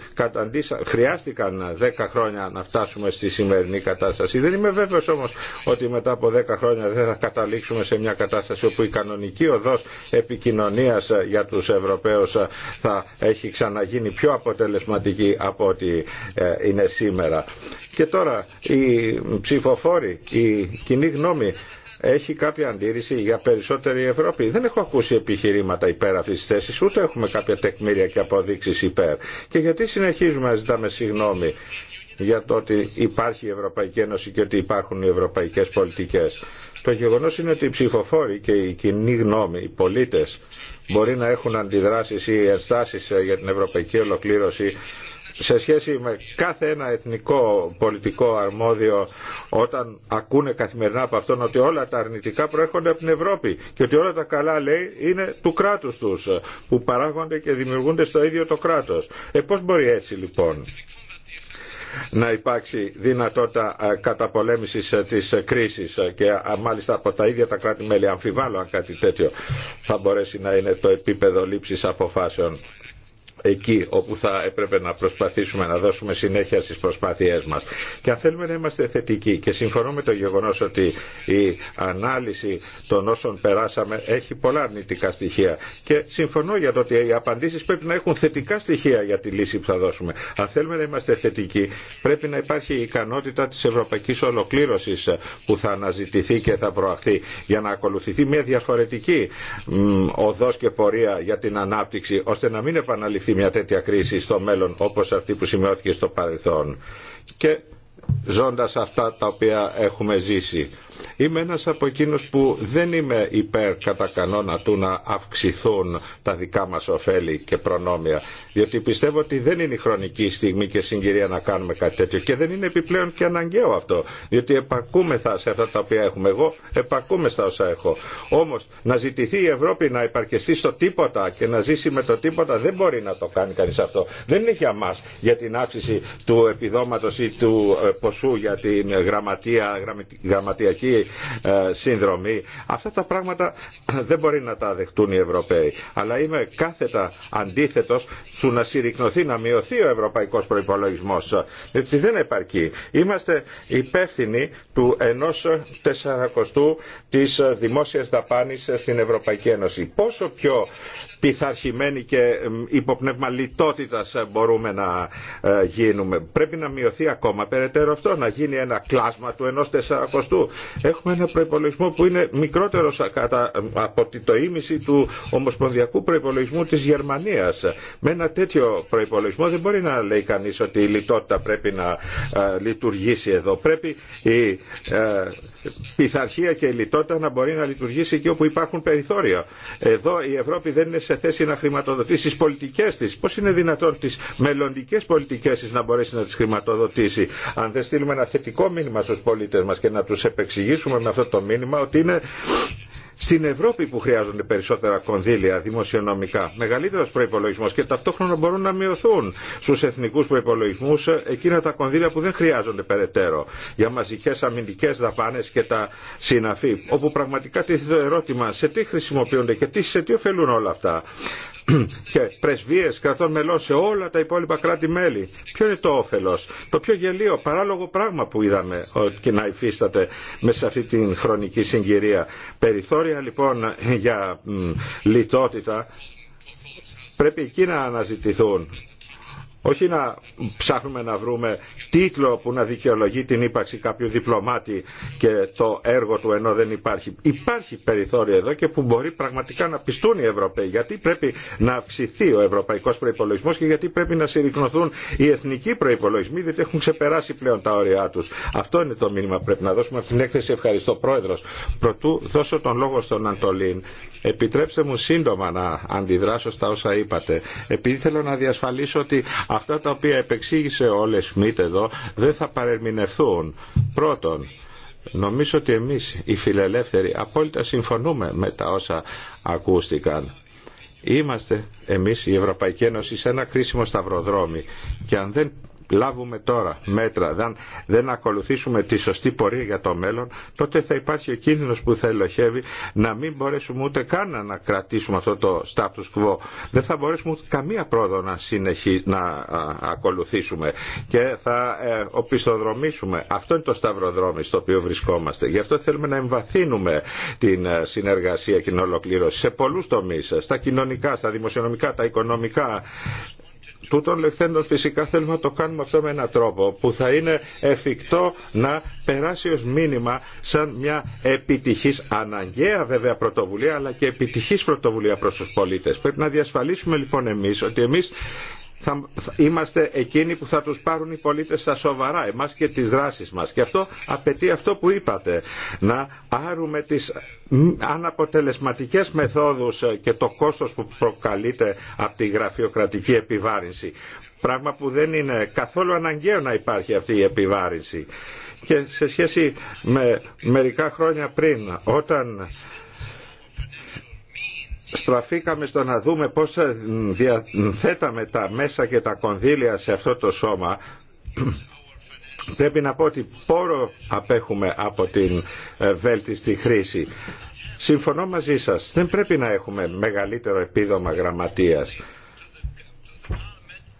χρειάστηκαν 10 χρόνια να φτάσουμε στη σημερινή κατάσταση. Δεν είμαι βέβαιος όμως ότι μετά από 10 χρόνια δεν θα καταλήξουμε σε μια κατάσταση όπου η κανονική οδός επικοινωνίας για τους Ευρωπαίους θα έχει ξαναγίνει πιο αποτελεσματική από ό,τι ε, είναι σήμερα. Και τώρα οι ψηφοφόροι, η κοινή γνώμη έχει κάποια αντίρρηση για περισσότερη Ευρώπη. Δεν έχω ακούσει επιχειρήματα υπέρ αυτής της θέσης, ούτε έχουμε κάποια τεκμήρια και αποδείξεις υπέρ. Και γιατί συνεχίζουμε να ζητάμε συγγνώμη για το ότι υπάρχει η Ευρωπαϊκή Ένωση και ότι υπάρχουν οι ευρωπαϊκές πολιτικές. Το γεγονός είναι ότι οι ψηφοφόροι και οι κοινοί γνώμοι, οι πολίτες μπορεί να έχουν αντιδράσεις ή ενστάσεις ε, για την ευρωπαϊκή ολοκλήρωση σε σχέση με κάθε ένα εθνικό πολιτικό αρμόδιο όταν ακούνε καθημερινά από αυτόν ότι όλα τα αρνητικά προέρχονται από την Ευρώπη και ότι όλα τα καλά λέει είναι του κράτους τους που παράγονται και δημιουργούνται στο ίδιο το κράτος. Ε πώς μπορεί έτσι λοιπόν να υπάρξει δυνατότητα ε, καταπολέμησης ε, της ε, κρίσης και μάλιστα από τα ίδια τα κράτη-μέλη αμφιβάλλω αν κάτι τέτοιο θα μπορέσει να είναι το επίπεδο λήψης αποφάσεων εκεί όπου θα έπρεπε να προσπαθήσουμε να δώσουμε συνέχεια στις προσπάθειές μας. Και αν θέλουμε να είμαστε θετικοί και συμφωνώ με το γεγονός ότι η ανάλυση των όσων περάσαμε έχει πολλά αρνητικά στοιχεία και συμφωνώ για το ότι οι απαντήσεις πρέπει να έχουν θετικά στοιχεία για τη λύση που θα δώσουμε. Αν θέλουμε να είμαστε θετικοί πρέπει να υπάρχει η ικανότητα της ευρωπαϊκής ολοκλήρωσης που θα αναζητηθεί και θα προαχθεί για να ακολουθηθεί μια διαφορετική οδός και πορεία για την ανάπτυξη ώστε να μην επαναληφθεί μια τέτοια κρίση στο μέλλον όπως αυτή που σημειώθηκε στο παρελθόν. Και ζώντας αυτά τα οποία έχουμε ζήσει. Είμαι ένας από εκείνους που δεν είμαι υπέρ κατά κανόνα του να αυξηθούν τα δικά μας ωφέλη και προνόμια, διότι πιστεύω ότι δεν είναι η χρονική στιγμή και συγκυρία να κάνουμε κάτι τέτοιο και δεν είναι επιπλέον και αναγκαίο αυτό, διότι επακούμεθα σε αυτά τα οποία έχουμε εγώ, επακούμε στα όσα έχω. Όμως να ζητηθεί η Ευρώπη να υπαρκεστεί στο τίποτα και να ζήσει με το τίποτα δεν μπορεί να το κάνει κανείς αυτό. Δεν είναι για μας, για την αύξηση του επιδόματος ή του ε, ποσού για την γραμματεία, γραμματιακή ε, σύνδρομη. Αυτά τα πράγματα δεν μπορεί να τα δεχτούν οι Ευρωπαίοι. Αλλά είμαι κάθετα αντίθετο σου να συρρυκνωθεί, να μειωθεί ο ευρωπαϊκό προπολογισμό. Διότι δεν επαρκεί. Είμαστε υπεύθυνοι του ενό τεσσαρακοστού τη δημόσια δαπάνη στην Ευρωπαϊκή Ένωση. Πόσο πιο πειθαρχημένοι και υποπνεύμα μπορούμε να ε, γίνουμε. Πρέπει να μειωθεί ακόμα περαιτέρω αυτό να γίνει ένα κλάσμα του ενός τεσσαρακοστού. Έχουμε ένα προϋπολογισμό που είναι μικρότερο από το ίμιση του ομοσπονδιακού προϋπολογισμού της Γερμανίας. Με ένα τέτοιο προϋπολογισμό δεν μπορεί να λέει κανείς ότι η λιτότητα πρέπει να ε, λειτουργήσει εδώ. Πρέπει η ε, πειθαρχία και η λιτότητα να μπορεί να λειτουργήσει εκεί όπου υπάρχουν περιθώρια. Εδώ η Ευρώπη δεν είναι σε θέση να χρηματοδοτήσει τις πολιτικές της. Πώς είναι δυνατόν τις μελλοντικές πολιτικές της να μπορέσει να τις χρηματοδοτήσει δεν στείλουμε ένα θετικό μήνυμα στους πολίτες μας και να τους επεξηγήσουμε με αυτό το μήνυμα ότι είναι στην Ευρώπη που χρειάζονται περισσότερα κονδύλια δημοσιονομικά, Μεγαλύτερος προϋπολογισμός και ταυτόχρονα μπορούν να μειωθούν στους εθνικούς προϋπολογισμούς εκείνα τα κονδύλια που δεν χρειάζονται περαιτέρω για μαζικέ αμυντικές δαπάνες και τα συναφή. Όπου πραγματικά τίθεται το ερώτημα σε τι χρησιμοποιούνται και σε τι ωφελούν όλα αυτά και πρεσβείες κρατών μελών σε όλα τα υπόλοιπα κράτη-μέλη. Ποιο είναι το όφελος. Το πιο γελίο, παράλογο πράγμα που είδαμε και να υφίσταται μέσα σε αυτή την χρονική συγκυρία. Περιθώρια λοιπόν για λιτότητα πρέπει εκεί να αναζητηθούν όχι να ψάχνουμε να βρούμε τίτλο που να δικαιολογεί την ύπαρξη κάποιου διπλωμάτη και το έργο του ενώ δεν υπάρχει. Υπάρχει περιθώριο εδώ και που μπορεί πραγματικά να πιστούν οι Ευρωπαίοι γιατί πρέπει να αυξηθεί ο ευρωπαϊκό προπολογισμό και γιατί πρέπει να συρρυκνωθούν οι εθνικοί προπολογισμοί διότι έχουν ξεπεράσει πλέον τα όρια του. Αυτό είναι το μήνυμα που πρέπει να δώσουμε αυτήν την έκθεση. Ευχαριστώ Πρόεδρο Πρωτού δώσω τον λόγο στον Αντολίν. Επιτρέψτε μου σύντομα να αντιδράσω στα όσα είπατε. Επειδή θέλω να διασφαλίσω ότι αυτά τα οποία επεξήγησε ο Όλε Σμιτ εδώ δεν θα παρερμηνευθούν. Πρώτον, νομίζω ότι εμείς οι φιλελεύθεροι απόλυτα συμφωνούμε με τα όσα ακούστηκαν. Είμαστε εμείς η Ευρωπαϊκή Ένωση σε ένα κρίσιμο σταυροδρόμι και αν δεν λάβουμε τώρα μέτρα, δεν, δεν ακολουθήσουμε τη σωστή πορεία για το μέλλον, τότε θα υπάρχει ο κίνδυνος που θα ελοχεύει να μην μπορέσουμε ούτε καν να κρατήσουμε αυτό το status quo. Δεν θα μπορέσουμε ούτε καμία πρόοδο να, συνεχί, να ακολουθήσουμε και θα ε, οπισθοδρομήσουμε. Αυτό είναι το σταυροδρόμι στο οποίο βρισκόμαστε. Γι' αυτό θέλουμε να εμβαθύνουμε την ε, συνεργασία και την ολοκλήρωση σε πολλούς τομείς, ε, στα κοινωνικά, στα δημοσιονομικά, τα οικονομικά, Τούτων λεχθέντων φυσικά θέλουμε να το κάνουμε αυτό με έναν τρόπο που θα είναι εφικτό να περάσει ως μήνυμα σαν μια επιτυχής αναγκαία βέβαια πρωτοβουλία αλλά και επιτυχής πρωτοβουλία προς τους πολίτες. Πρέπει να διασφαλίσουμε λοιπόν εμείς ότι εμείς θα είμαστε εκείνοι που θα τους πάρουν οι πολίτες στα σοβαρά, εμάς και τις δράσεις μας. Και αυτό απαιτεί αυτό που είπατε, να άρουμε τις αναποτελεσματικές μεθόδους και το κόστος που προκαλείται από τη γραφειοκρατική επιβάρυνση. Πράγμα που δεν είναι καθόλου αναγκαίο να υπάρχει αυτή η επιβάρυνση. Και σε σχέση με μερικά χρόνια πριν, όταν στραφήκαμε στο να δούμε πώς ε, διαθέταμε τα μέσα και τα κονδύλια σε αυτό το σώμα πρέπει να πω ότι πόρο απέχουμε από την ε, βέλτιστη χρήση. Συμφωνώ μαζί σας, δεν πρέπει να έχουμε μεγαλύτερο επίδομα γραμματείας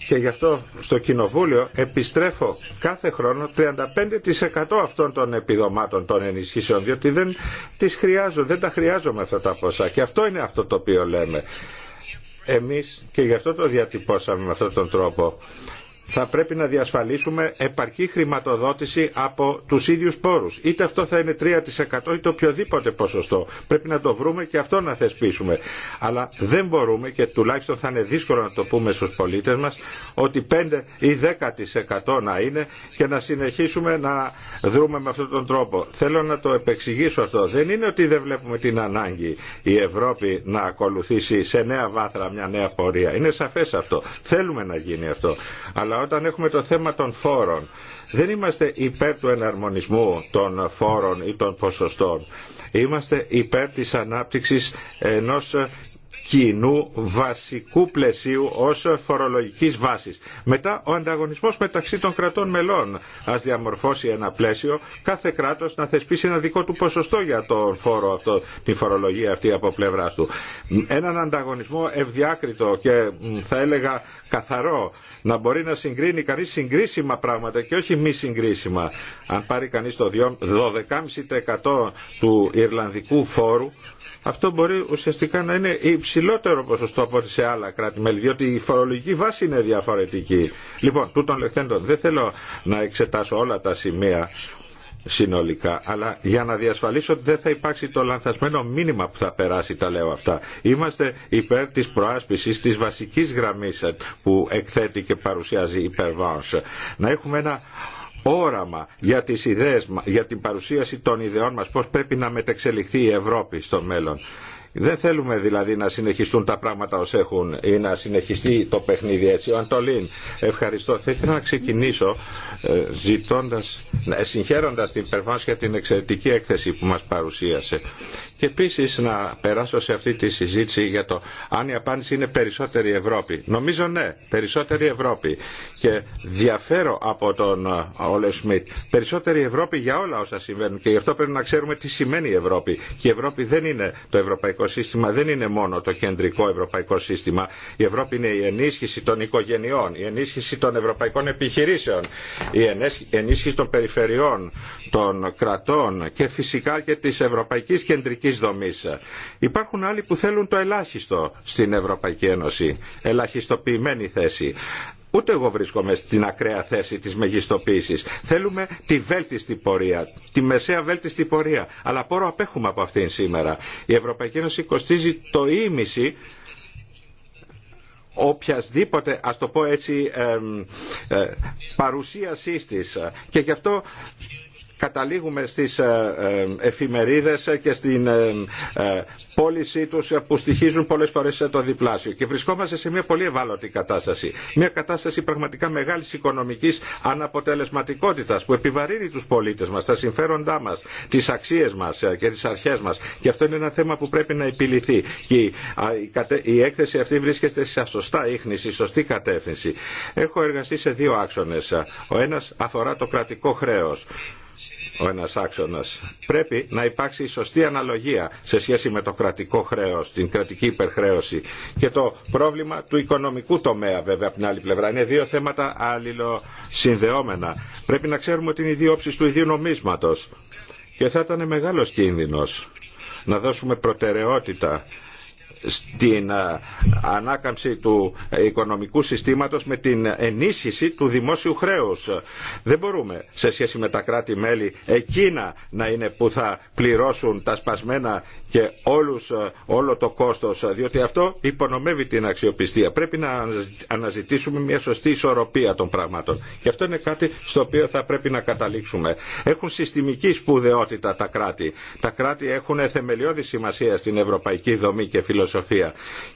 και γι' αυτό στο Κοινοβούλιο επιστρέφω κάθε χρόνο 35% αυτών των επιδομάτων των ενισχύσεων διότι δεν, τις χρειάζομαι, δεν τα χρειάζομαι αυτά τα ποσά και αυτό είναι αυτό το οποίο λέμε εμείς και γι' αυτό το διατυπώσαμε με αυτόν τον τρόπο θα πρέπει να διασφαλίσουμε επαρκή χρηματοδότηση από του ίδιου πόρου. Είτε αυτό θα είναι 3% είτε οποιοδήποτε ποσοστό. Πρέπει να το βρούμε και αυτό να θεσπίσουμε. Αλλά δεν μπορούμε και τουλάχιστον θα είναι δύσκολο να το πούμε στου πολίτε μα, ότι 5 ή 10% να είναι και να συνεχίσουμε να δρούμε με αυτόν τον τρόπο. Θέλω να το επεξηγήσω αυτό. Δεν είναι ότι δεν βλέπουμε την ανάγκη η Ευρώπη να ακολουθήσει σε νέα βάθρα μια νέα πορεία. Είναι σαφέ αυτό. Θέλουμε να γίνει αυτό. Αλλά όταν έχουμε το θέμα των φόρων. Δεν είμαστε υπέρ του εναρμονισμού των φόρων ή των ποσοστών. Είμαστε υπέρ της ανάπτυξης ενός κοινού βασικού πλαισίου ως φορολογικής βάσης. Μετά ο ανταγωνισμός μεταξύ των κρατών μελών ας διαμορφώσει ένα πλαίσιο, κάθε κράτος να θεσπίσει ένα δικό του ποσοστό για τον φόρο αυτό, τη φορολογία αυτή από πλευρά του. Έναν ανταγωνισμό ευδιάκριτο και θα έλεγα καθαρό, να μπορεί να συγκρίνει κανείς συγκρίσιμα πράγματα και όχι μη συγκρίσιμα. Αν πάρει κανείς το 12,5% του Ιρλανδικού φόρου, αυτό μπορεί ουσιαστικά να είναι υψηλότερο ποσοστό από ό,τι σε άλλα κράτη-μέλη, διότι η φορολογική βάση είναι διαφορετική. Λοιπόν, τούτον λεχθέντον δεν θέλω να εξετάσω όλα τα σημεία συνολικά. Αλλά για να διασφαλίσω ότι δεν θα υπάρξει το λανθασμένο μήνυμα που θα περάσει, τα λέω αυτά. Είμαστε υπέρ της προάσπισης της βασικής γραμμής που εκθέτει και παρουσιάζει η Περβάνς. Να έχουμε ένα όραμα για τις ιδέες, για την παρουσίαση των ιδεών μας, πώς πρέπει να μετεξελιχθεί η Ευρώπη στο μέλλον. Δεν θέλουμε δηλαδή να συνεχιστούν τα πράγματα ως έχουν ή να συνεχιστεί το παιχνίδι έτσι. Ο Αντολίν, ευχαριστώ. Θα ήθελα να ξεκινήσω ε, ζητώντας, ε, συγχαίροντας την Περβάνς για την εξαιρετική έκθεση που μας παρουσίασε. Και επίση να περάσω σε αυτή τη συζήτηση για το αν η απάντηση είναι περισσότερη Ευρώπη. Νομίζω ναι, περισσότερη Ευρώπη. Και διαφέρω από τον ε, Όλε Σμιτ. Περισσότερη Ευρώπη για όλα όσα συμβαίνουν. Και γι' αυτό πρέπει να ξέρουμε τι σημαίνει η Ευρώπη. Και η Ευρώπη δεν είναι το Ευρωπαϊκό ευρωπαϊκό σύστημα δεν είναι μόνο το κεντρικό ευρωπαϊκό σύστημα. Η Ευρώπη είναι η ενίσχυση των οικογενειών, η ενίσχυση των ευρωπαϊκών επιχειρήσεων, η ενίσχυση των περιφερειών, των κρατών και φυσικά και της ευρωπαϊκής κεντρικής δομής. Υπάρχουν άλλοι που θέλουν το ελάχιστο στην Ευρωπαϊκή Ένωση, ελαχιστοποιημένη θέση. Ούτε εγώ βρίσκομαι στην ακραία θέση της μεγιστοποίησης. Θέλουμε τη βέλτιστη πορεία, τη μεσαία βέλτιστη πορεία. Αλλά πόρο απέχουμε από αυτήν σήμερα. Η Ευρωπαϊκή Ένωση κοστίζει το ίμιση οποιασδήποτε, ας το πω έτσι, ε, ε, παρουσίασής της. Και γι' αυτό καταλήγουμε στις ε, ε, εφημερίδες και στην ε, πώλησή τους που στοιχίζουν πολλές φορές το διπλάσιο και βρισκόμαστε σε μια πολύ ευάλωτη κατάσταση. Μια κατάσταση πραγματικά μεγάλης οικονομικής αναποτελεσματικότητας που επιβαρύνει τους πολίτες μας, τα συμφέροντά μας, τις αξίες μας και τις αρχές μας και αυτό είναι ένα θέμα που πρέπει να επιληθεί και η έκθεση αυτή βρίσκεται σε σωστά ίχνη, σωστή κατεύθυνση. Έχω εργαστεί σε δύο άξονες. Ο ένας αφορά το κρατικό χρέος ο ένας άξονας. Πρέπει να υπάρξει σωστή αναλογία σε σχέση με το κρατικό χρέος, την κρατική υπερχρέωση και το πρόβλημα του οικονομικού τομέα βέβαια από την άλλη πλευρά. Είναι δύο θέματα αλληλοσυνδεόμενα. Πρέπει να ξέρουμε ότι είναι οι δύο του ιδίου νομίσματος και θα ήταν μεγάλος κίνδυνος να δώσουμε προτεραιότητα στην ε, ανάκαμψη του οικονομικού συστήματος με την ενίσχυση του δημόσιου χρέους. Δεν μπορούμε σε σχέση με τα κράτη-μέλη εκείνα να είναι που θα πληρώσουν τα σπασμένα και όλους, ε, όλο το κόστος, διότι αυτό υπονομεύει την αξιοπιστία. Πρέπει να αναζητήσουμε μια σωστή ισορροπία των πραγμάτων. Και αυτό είναι κάτι στο οποίο θα πρέπει να καταλήξουμε. Έχουν συστημική σπουδαιότητα τα κράτη. Τα κράτη έχουν θεμελιώδη σημασία στην ευρωπαϊκή δομή και φιλοσοφία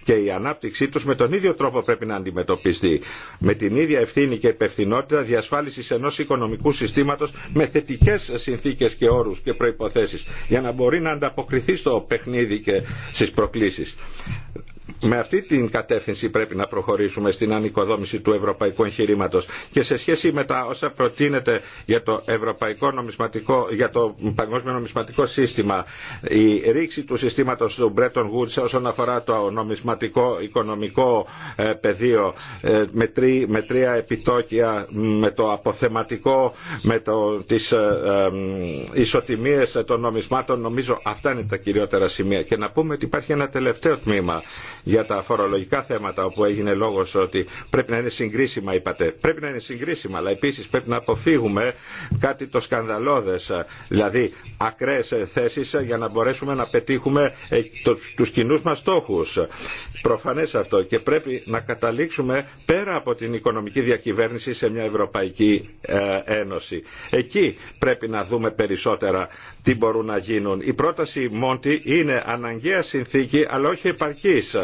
και η ανάπτυξή τους με τον ίδιο τρόπο πρέπει να αντιμετωπιστεί. Με την ίδια ευθύνη και υπευθυνότητα διασφάλισης ενός οικονομικού συστήματος με θετικές συνθήκες και όρους και προϋποθέσεις για να μπορεί να ανταποκριθεί στο παιχνίδι και στις προκλήσεις με αυτή την κατεύθυνση πρέπει να προχωρήσουμε στην ανικοδόμηση του ευρωπαϊκού εγχειρήματο. Και σε σχέση με τα όσα προτείνεται για το, ευρωπαϊκό νομισματικό, για το παγκόσμιο νομισματικό σύστημα, η ρήξη του συστήματο του Bretton Woods όσον αφορά το νομισματικό οικονομικό ε, πεδίο ε, με, τρία, επιτόκια, με το αποθεματικό, με το, τις ε, ε, ισοτιμίες των νομισμάτων, νομίζω αυτά είναι τα κυριότερα σημεία. Και να πούμε ότι υπάρχει ένα τελευταίο τμήμα για τα φορολογικά θέματα όπου έγινε λόγος ότι πρέπει να είναι συγκρίσιμα είπατε. Πρέπει να είναι συγκρίσιμα αλλά επίσης πρέπει να αποφύγουμε κάτι το σκανδαλώδες δηλαδή ακραίες θέσεις για να μπορέσουμε να πετύχουμε ε, τους κοινούς μας στόχους. Προφανές αυτό και πρέπει να καταλήξουμε πέρα από την οικονομική διακυβέρνηση σε μια Ευρωπαϊκή ε, Ένωση. Εκεί πρέπει να δούμε περισσότερα τι μπορούν να γίνουν. Η πρόταση Μόντι είναι αναγκαία συνθήκη αλλά όχι επαρκής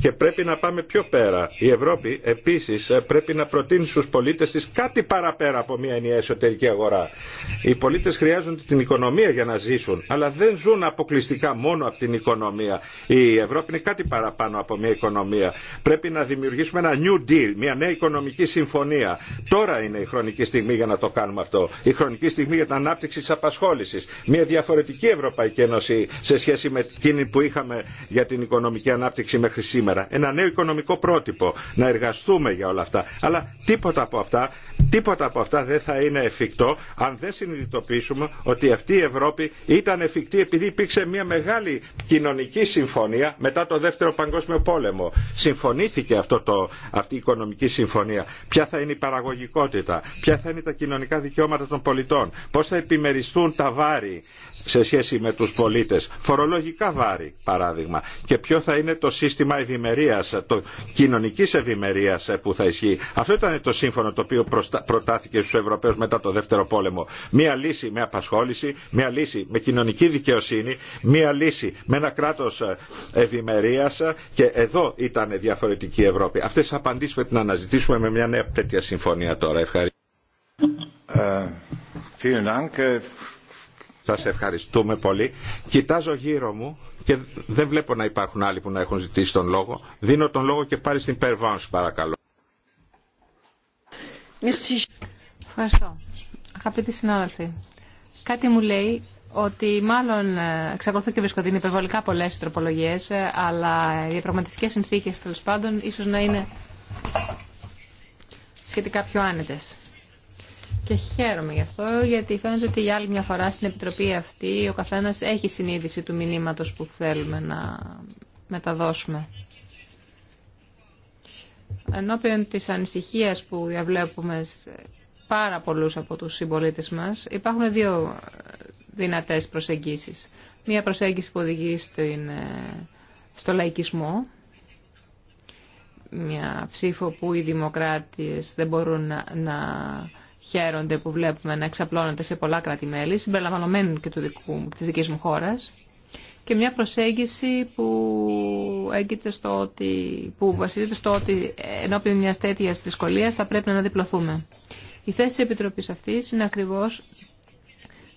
και πρέπει να πάμε πιο πέρα. Η Ευρώπη επίσης πρέπει να προτείνει στους πολίτες της κάτι παραπέρα από μια ενιαία εσωτερική αγορά. Οι πολίτες χρειάζονται την οικονομία για να ζήσουν, αλλά δεν ζουν αποκλειστικά μόνο από την οικονομία. Η Ευρώπη είναι κάτι παραπάνω από μια οικονομία. Πρέπει να δημιουργήσουμε ένα new deal, μια νέα οικονομική συμφωνία. Τώρα είναι η χρονική στιγμή για να το κάνουμε αυτό. Η χρονική στιγμή για την ανάπτυξη τη απασχόληση. Μια διαφορετική Ευρωπαϊκή Ένωση σε σχέση με εκείνη που είχαμε για την οικονομική ανάπτυξη μέχρι σήμερα. Ένα νέο οικονομικό πρότυπο. Να εργαστούμε για όλα αυτά. Αλλά τίποτα από αυτά Τίποτα από αυτά δεν θα είναι εφικτό αν δεν συνειδητοποιήσουμε ότι αυτή η Ευρώπη ήταν εφικτή επειδή υπήρξε μια μεγάλη κοινωνική συμφωνία μετά το Δεύτερο Παγκόσμιο Πόλεμο. Συμφωνήθηκε αυτό το, αυτή η οικονομική συμφωνία. Ποια θα είναι η παραγωγικότητα, ποια θα είναι τα κοινωνικά δικαιώματα των πολιτών, πώ θα επιμεριστούν τα βάρη σε σχέση με του πολίτε, φορολογικά βάρη παράδειγμα, και ποιο θα είναι το σύστημα ευημερία, το κοινωνική ευημερία που θα ισχύει. Αυτό ήταν το σύμφωνο το οποίο προστα προτάθηκε στους Ευρωπαίους μετά το Δεύτερο Πόλεμο. Μία λύση με απασχόληση, μία λύση με κοινωνική δικαιοσύνη, μία λύση με ένα κράτος ε, ευημερία και εδώ ήταν διαφορετική η Ευρώπη. Αυτές τι απαντήσεις πρέπει να αναζητήσουμε με μια νέα τέτοια συμφωνία τώρα. Ευχαριστώ. Ε, Dank. Ε, σας ευχαριστούμε πολύ. Κοιτάζω γύρω μου και δεν βλέπω να υπάρχουν άλλοι που να έχουν ζητήσει τον λόγο. Δίνω τον λόγο και πάλι στην Περβάνση παρακαλώ. Ευχαριστώ. Αγαπητοί συνάδελφοι, κάτι μου λέει ότι μάλλον ε, εξακολουθώ και βρίσκονται είναι υπερβολικά πολλέ οι τροπολογίε, ε, αλλά οι πραγματικές συνθήκε τέλο πάντων ίσω να είναι σχετικά πιο άνετε. Και χαίρομαι γι' αυτό, γιατί φαίνεται ότι για άλλη μια φορά στην Επιτροπή αυτή ο καθένα έχει συνείδηση του μηνύματο που θέλουμε να μεταδώσουμε ενώπιον της ανησυχίας που διαβλέπουμε πάρα πολλούς από τους συμπολίτε μας, υπάρχουν δύο ε, δυνατές προσεγγίσεις. Μία προσέγγιση που οδηγεί ε, στο λαϊκισμό, μια ψήφο που οι δημοκράτες δεν μπορούν να, χαίρονται που βλέπουμε να εξαπλώνονται σε πολλά κράτη-μέλη, συμπεριλαμβανομένου και του δικού, της δικής μου χώρας και μια προσέγγιση που στο ότι, που βασίζεται στο ότι ενώπιον μια τέτοια δυσκολία θα πρέπει να διπλωθούμε. Η θέση τη Επιτροπή αυτή είναι ακριβώ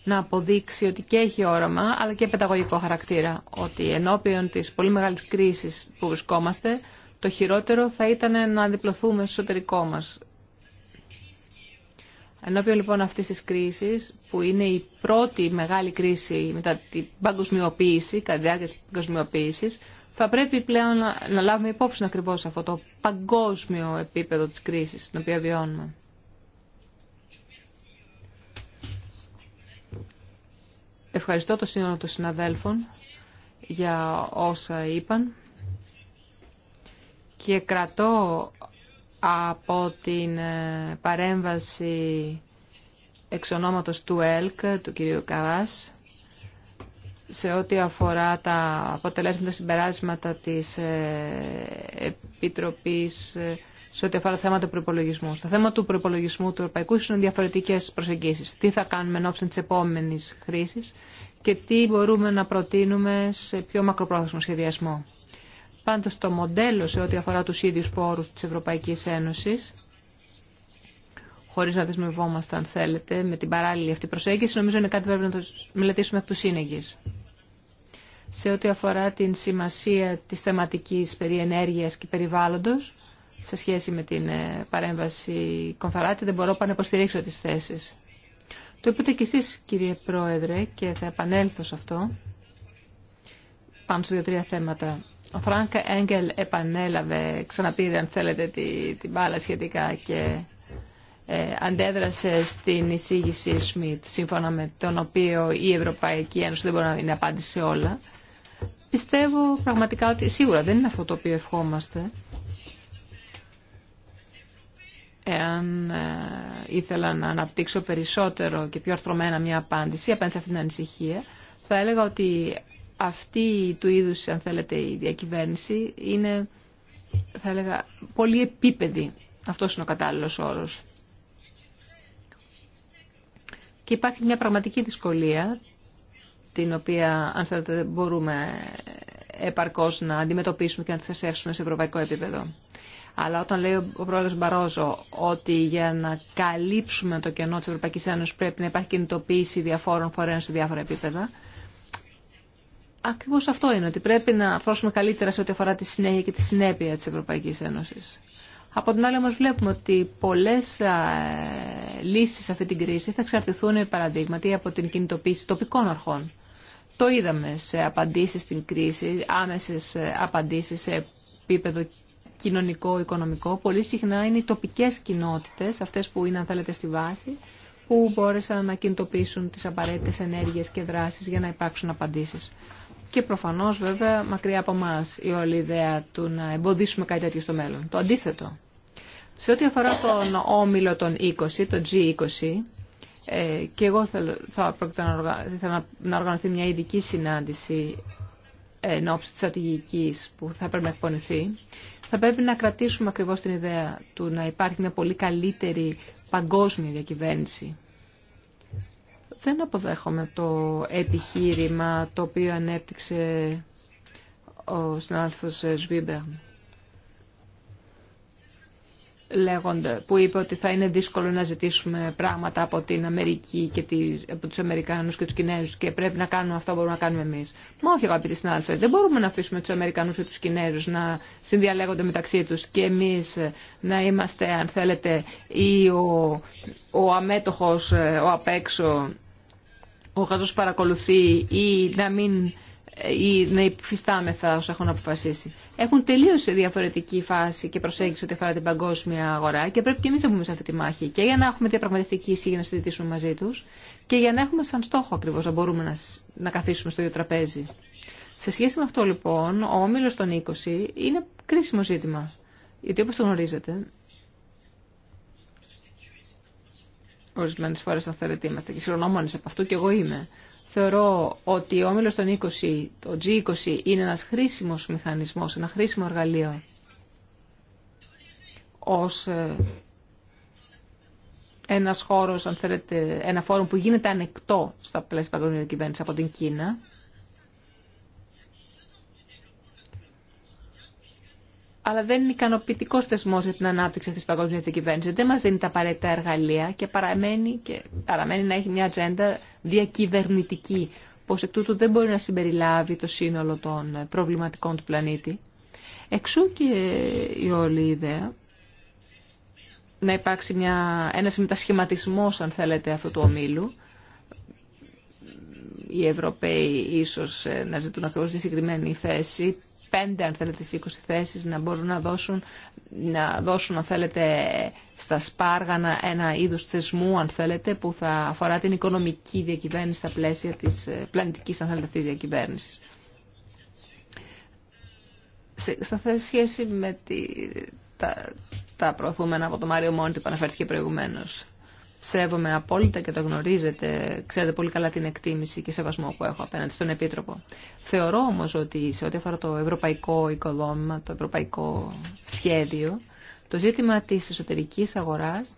να αποδείξει ότι και έχει όραμα, αλλά και παιδαγωγικό χαρακτήρα. Ότι ενώπιον της πολύ μεγάλη κρίση που βρισκόμαστε, το χειρότερο θα ήταν να διπλωθούμε στο εσωτερικό μας Ενώπιον λοιπόν αυτή τη κρίση, που είναι η πρώτη μεγάλη κρίση μετά την παγκοσμιοποίηση, κατά τη διάρκεια τη παγκοσμιοποίηση, θα πρέπει πλέον να, λάβουμε υπόψη ακριβώ αυτό το παγκόσμιο επίπεδο τη κρίση την οποία βιώνουμε. Ευχαριστώ το σύνολο των συναδέλφων για όσα είπαν και κρατώ από την ε, παρέμβαση εξ του ΕΛΚ, του κ. Καράς, σε ό,τι αφορά τα αποτελέσματα συμπεράσματα της ε, Επιτροπής ε, σε ό,τι αφορά θέματα του προπολογισμού. Στο θέμα του προπολογισμού του Ευρωπαϊκού είναι διαφορετικέ προσεγγίσεις. Τι θα κάνουμε εν τη επόμενη χρήση και τι μπορούμε να προτείνουμε σε πιο μακροπρόθεσμο σχεδιασμό. Πάντως το μοντέλο σε ό,τι αφορά τους ίδιους πόρους της Ευρωπαϊκής Ένωσης, χωρίς να δεσμευόμαστε αν θέλετε, με την παράλληλη αυτή προσέγγιση, νομίζω είναι κάτι που πρέπει να το μελετήσουμε εκ του σύνεγγης. Σε ό,τι αφορά την σημασία της θεματικής περί ενέργειας και περιβάλλοντος, σε σχέση με την ε, παρέμβαση Κομφαράτη, δεν μπορώ να υποστηρίξω τις θέσεις. Το είπατε κι εσείς, κύριε Πρόεδρε, και θα επανέλθω σε αυτό, πάνω σε δύο-τρία θέματα. Ο Φρανκ Έγγελ επανέλαβε, ξαναπήρε αν θέλετε την μπάλα σχετικά και ε, αντέδρασε στην εισήγηση Σμιτ, σύμφωνα με τον οποίο η Ευρωπαϊκή Ένωση δεν μπορεί να είναι απάντηση σε όλα. Πιστεύω πραγματικά ότι σίγουρα δεν είναι αυτό το οποίο ευχόμαστε. Εάν ε, ήθελα να αναπτύξω περισσότερο και πιο αρθρωμένα μια απάντηση απέναντι σε αυτήν την ανησυχία, θα έλεγα ότι αυτή του είδους, αν θέλετε, η διακυβέρνηση είναι, θα έλεγα, πολύ επίπεδη. Αυτός είναι ο κατάλληλος όρος. Και υπάρχει μια πραγματική δυσκολία, την οποία, αν θέλετε, μπορούμε επαρκώς να αντιμετωπίσουμε και να τη σε ευρωπαϊκό επίπεδο. Αλλά όταν λέει ο πρόεδρος Μπαρόζο ότι για να καλύψουμε το κενό της Ευρωπαϊκής Ένωσης πρέπει να υπάρχει κινητοποίηση διαφόρων φορέων σε διάφορα επίπεδα, ακριβώς αυτό είναι, ότι πρέπει να φρώσουμε καλύτερα σε ό,τι αφορά τη συνέχεια και τη συνέπεια της Ευρωπαϊκής Ένωσης. Από την άλλη όμως βλέπουμε ότι πολλές λύσει λύσεις σε αυτή την κρίση θα εξαρτηθούν ε, παραδείγματι από την κινητοποίηση τοπικών αρχών. Το είδαμε σε απαντήσεις στην κρίση, άμεσες ε, απαντήσεις σε επίπεδο κοινωνικό, οικονομικό. Πολύ συχνά είναι οι τοπικές κοινότητες, αυτές που είναι αν θέλετε στη βάση, που μπόρεσαν να κινητοποιήσουν τις απαραίτητε ενέργειες και δράσεις για να υπάρξουν απαντήσεις και προφανώς βέβαια μακριά από εμά η όλη ιδέα του να εμποδίσουμε κάτι τέτοιο στο μέλλον. Το αντίθετο. Σε ό,τι αφορά τον όμιλο των 20, τον G20, ε, και εγώ θέλω, θα πρόκειται να, να, οργανωθεί μια ειδική συνάντηση ε, εν ώψη τη στρατηγική που θα πρέπει να εκπονηθεί. Θα πρέπει να κρατήσουμε ακριβώς την ιδέα του να υπάρχει μια πολύ καλύτερη παγκόσμια διακυβέρνηση δεν αποδέχομαι το επιχείρημα το οποίο ανέπτυξε ο συνάδελφος Σβίμπερν που είπε ότι θα είναι δύσκολο να ζητήσουμε πράγματα από την Αμερική και τη, από τους Αμερικανούς και τους Κινέζους και πρέπει να κάνουμε αυτό που μπορούμε να κάνουμε εμείς. Μα όχι αγαπητή συνάδελφοι, δεν μπορούμε να αφήσουμε τους Αμερικανούς και τους Κινέζους να συνδιαλέγονται μεταξύ τους και εμείς να είμαστε αν θέλετε ή ο, ο αμέτωχος, ε, ο απέξω ο καθώς παρακολουθεί ή να μην ή να υφιστάμεθα όσα έχουν αποφασίσει. Έχουν τελείω διαφορετική φάση και προσέγγιση ό,τι αφορά την παγκόσμια αγορά και πρέπει και εμεί να βγούμε σε αυτή τη μάχη. Και για να έχουμε διαπραγματευτική ισχύ για να συζητήσουμε μαζί του και για να έχουμε σαν στόχο ακριβώ να μπορούμε να, να καθίσουμε στο ίδιο τραπέζι. Σε σχέση με αυτό λοιπόν, ο όμιλο των 20 είναι κρίσιμο ζήτημα. Γιατί όπω το γνωρίζετε, ορισμένε φορέ αν θέλετε, είμαστε και συγχρονόμονες από αυτού και εγώ είμαι. Θεωρώ ότι ο όμιλο των 20, το G20 είναι ένας χρήσιμο μηχανισμός, ένα χρήσιμο εργαλείο ως ε, ένα χώρος, αν θέλετε, ένα φόρο που γίνεται ανεκτό στα πλαίσια παγκόσμια κυβέρνηση από την Κίνα αλλά δεν είναι ικανοποιητικό θεσμό για την ανάπτυξη αυτή τη παγκόσμια διακυβέρνηση. Δεν μα δίνει τα απαραίτητα εργαλεία και παραμένει, και παραμένει να έχει μια ατζέντα διακυβερνητική, πω εκ τούτου δεν μπορεί να συμπεριλάβει το σύνολο των προβληματικών του πλανήτη. Εξού και η όλη ιδέα να υπάρξει μια, ένας μετασχηματισμός, αν θέλετε, αυτού του ομίλου. Οι Ευρωπαίοι ίσως ε, να ζητούν ακριβώς τη συγκεκριμένη θέση πέντε αν θέλετε στις 20 θέσεις να μπορούν να δώσουν, να δώσουν αν θέλετε στα σπάργανα ένα είδος θεσμού αν θέλετε που θα αφορά την οικονομική διακυβέρνηση στα πλαίσια της ε, πλανητικής αν θέλετε αυτής διακυβέρνησης. Στα σχέση με τη, τα, τα προωθούμενα από τον Μάριο Μόντι που αναφέρθηκε προηγουμένως σέβομαι απόλυτα και το γνωρίζετε, ξέρετε πολύ καλά την εκτίμηση και σεβασμό που έχω απέναντι στον Επίτροπο. Θεωρώ όμως ότι σε ό,τι αφορά το ευρωπαϊκό οικοδόμημα, το ευρωπαϊκό σχέδιο, το ζήτημα της εσωτερικής αγοράς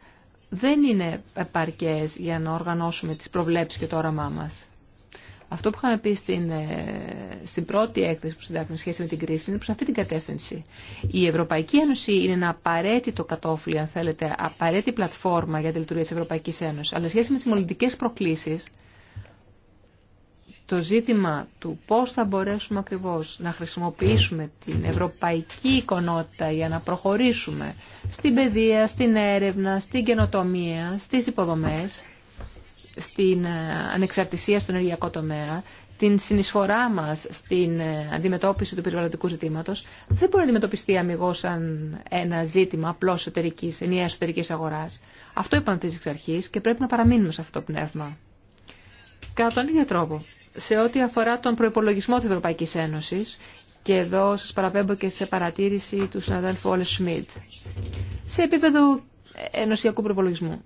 δεν είναι επαρκές για να οργανώσουμε τις προβλέψεις και το όραμά μας. Αυτό που είχαμε πει στην, ε, στην πρώτη έκθεση που συντάχθηκε σχέση με την κρίση είναι προ αυτή την κατεύθυνση. Η Ευρωπαϊκή Ένωση είναι ένα απαραίτητο κατόφλι, αν θέλετε, απαραίτητη πλατφόρμα για τη λειτουργία τη Ευρωπαϊκή Ένωση. Αλλά σχέση με τι μολυντικέ προκλήσει, το ζήτημα του πώς θα μπορέσουμε ακριβώς να χρησιμοποιήσουμε την ευρωπαϊκή εικονότητα για να προχωρήσουμε στην παιδεία, στην έρευνα, στην καινοτομία, στις υποδομές, στην ε, ανεξαρτησία στον ενεργειακό τομέα, την συνεισφορά μα στην ε, αντιμετώπιση του περιβαλλοντικού ζητήματο, δεν μπορεί να αντιμετωπιστεί αμυγό σαν ένα ζήτημα απλώ εσωτερικής, ενιαία εσωτερική αγορά. Αυτό είπαμε εξ αρχής και πρέπει να παραμείνουμε σε αυτό το πνεύμα. Κατά τον ίδιο τρόπο, σε ό,τι αφορά τον προπολογισμό τη Ευρωπαϊκή Ένωση και εδώ σα παραπέμπω και σε παρατήρηση του συναδέλφου Όλε Σμιτ, σε επίπεδο ενωσιακού προπολογισμού.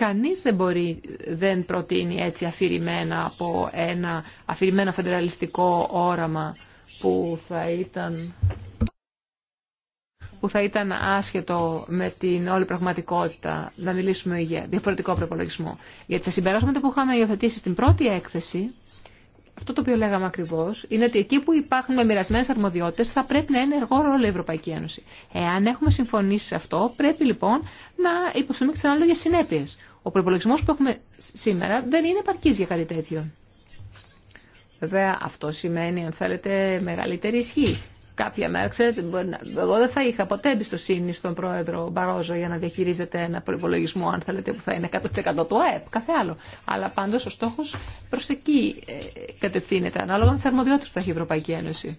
Κανείς δεν μπορεί, δεν προτείνει έτσι αφηρημένα από ένα αφηρημένο φεντεραλιστικό όραμα που θα ήταν που θα ήταν άσχετο με την όλη πραγματικότητα να μιλήσουμε για διαφορετικό προπολογισμό. Γιατί τα συμπεράσματα που είχαμε υιοθετήσει στην πρώτη έκθεση, αυτό το οποίο λέγαμε ακριβώ, είναι ότι εκεί που υπάρχουν μοιρασμένε αρμοδιότητε θα πρέπει να είναι εργό ρόλο η Ευρωπαϊκή Ένωση. Εάν έχουμε συμφωνήσει σε αυτό, πρέπει λοιπόν να υποστούμε και τι ανάλογε συνέπειε. Ο προπολογισμό που έχουμε σήμερα δεν είναι επαρκή για κάτι τέτοιο. Βέβαια, αυτό σημαίνει, αν θέλετε, μεγαλύτερη ισχύ. Κάποια μέρα, ξέρετε, εγώ δεν θα είχα ποτέ εμπιστοσύνη στον πρόεδρο Μπαρόζο για να διαχειρίζεται ένα προπολογισμό, αν θέλετε, που θα είναι 100% του ΑΕΠ, κάθε άλλο. Αλλά πάντω ο στόχο προ εκεί ε, κατευθύνεται, ανάλογα με τι αρμοδιότητε που θα έχει η Ευρωπαϊκή Ένωση.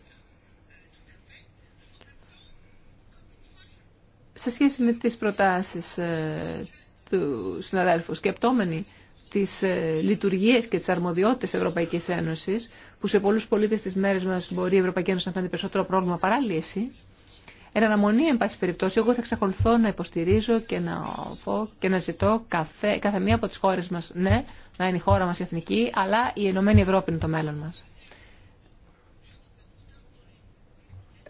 Σε σχέση με τις προτάσεις ε, του συναδέλφου, σκεπτόμενοι τις ε, λειτουργίες και τις αρμοδιότητες Ευρωπαϊκής Ένωσης, που σε πολλούς πολίτες της μέρες μας μπορεί η Ευρωπαϊκή Ένωση να φαίνεται περισσότερο πρόβλημα παρά λύση, εν αναμονή, εν πάση περιπτώσει, εγώ θα εξακολουθώ να υποστηρίζω και να, φω, και να ζητώ κάθε, κάθε μία από τις χώρες μας, ναι, να είναι η χώρα μας εθνική, αλλά η Ενωμένη ΕΕ Ευρώπη είναι το μέλλον μας.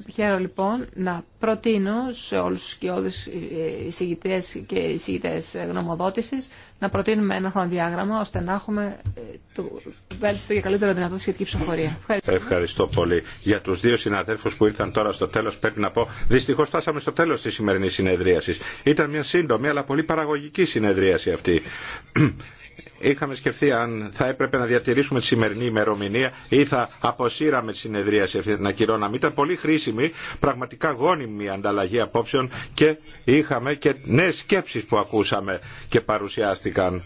Χαίρομαι, λοιπόν να προτείνω σε όλους τους σκιώδεις ε, εισηγητές και εισηγητές γνωμοδότησης να προτείνουμε ένα χρονοδιάγραμμα ώστε να έχουμε ε, το βέλτιστο και καλύτερο δυνατό σχετική ψηφοφορία. Ευχαριστώ. Ευχαριστώ πολύ. Για τους δύο συναδέλφους που ήρθαν τώρα στο τέλος πρέπει να πω δυστυχώς φτάσαμε στο τέλος της σημερινής συνεδρίασης. Ήταν μια σύντομη αλλά πολύ παραγωγική συνεδρίαση αυτή είχαμε σκεφτεί αν θα έπρεπε να διατηρήσουμε τη σημερινή ημερομηνία ή θα αποσύραμε τη συνεδρίαση αυτή την ακυρώναμε. Ήταν πολύ χρήσιμη, πραγματικά γόνιμη ανταλλαγή απόψεων και είχαμε και νέες σκέψεις που ακούσαμε και παρουσιάστηκαν.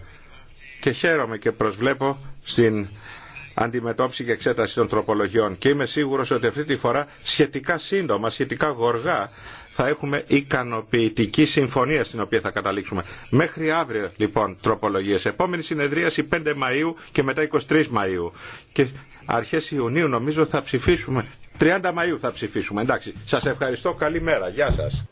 Και χαίρομαι και προσβλέπω στην αντιμετώπιση και εξέταση των τροπολογιών. Και είμαι σίγουρος ότι αυτή τη φορά σχετικά σύντομα, σχετικά γοργά θα έχουμε ικανοποιητική συμφωνία στην οποία θα καταλήξουμε. Μέχρι αύριο λοιπόν τροπολογίες. Επόμενη συνεδρίαση 5 Μαΐου και μετά 23 Μαΐου. Και αρχές Ιουνίου νομίζω θα ψηφίσουμε. 30 Μαΐου θα ψηφίσουμε. Εντάξει. Σας ευχαριστώ. Καλή μέρα. Γεια σας.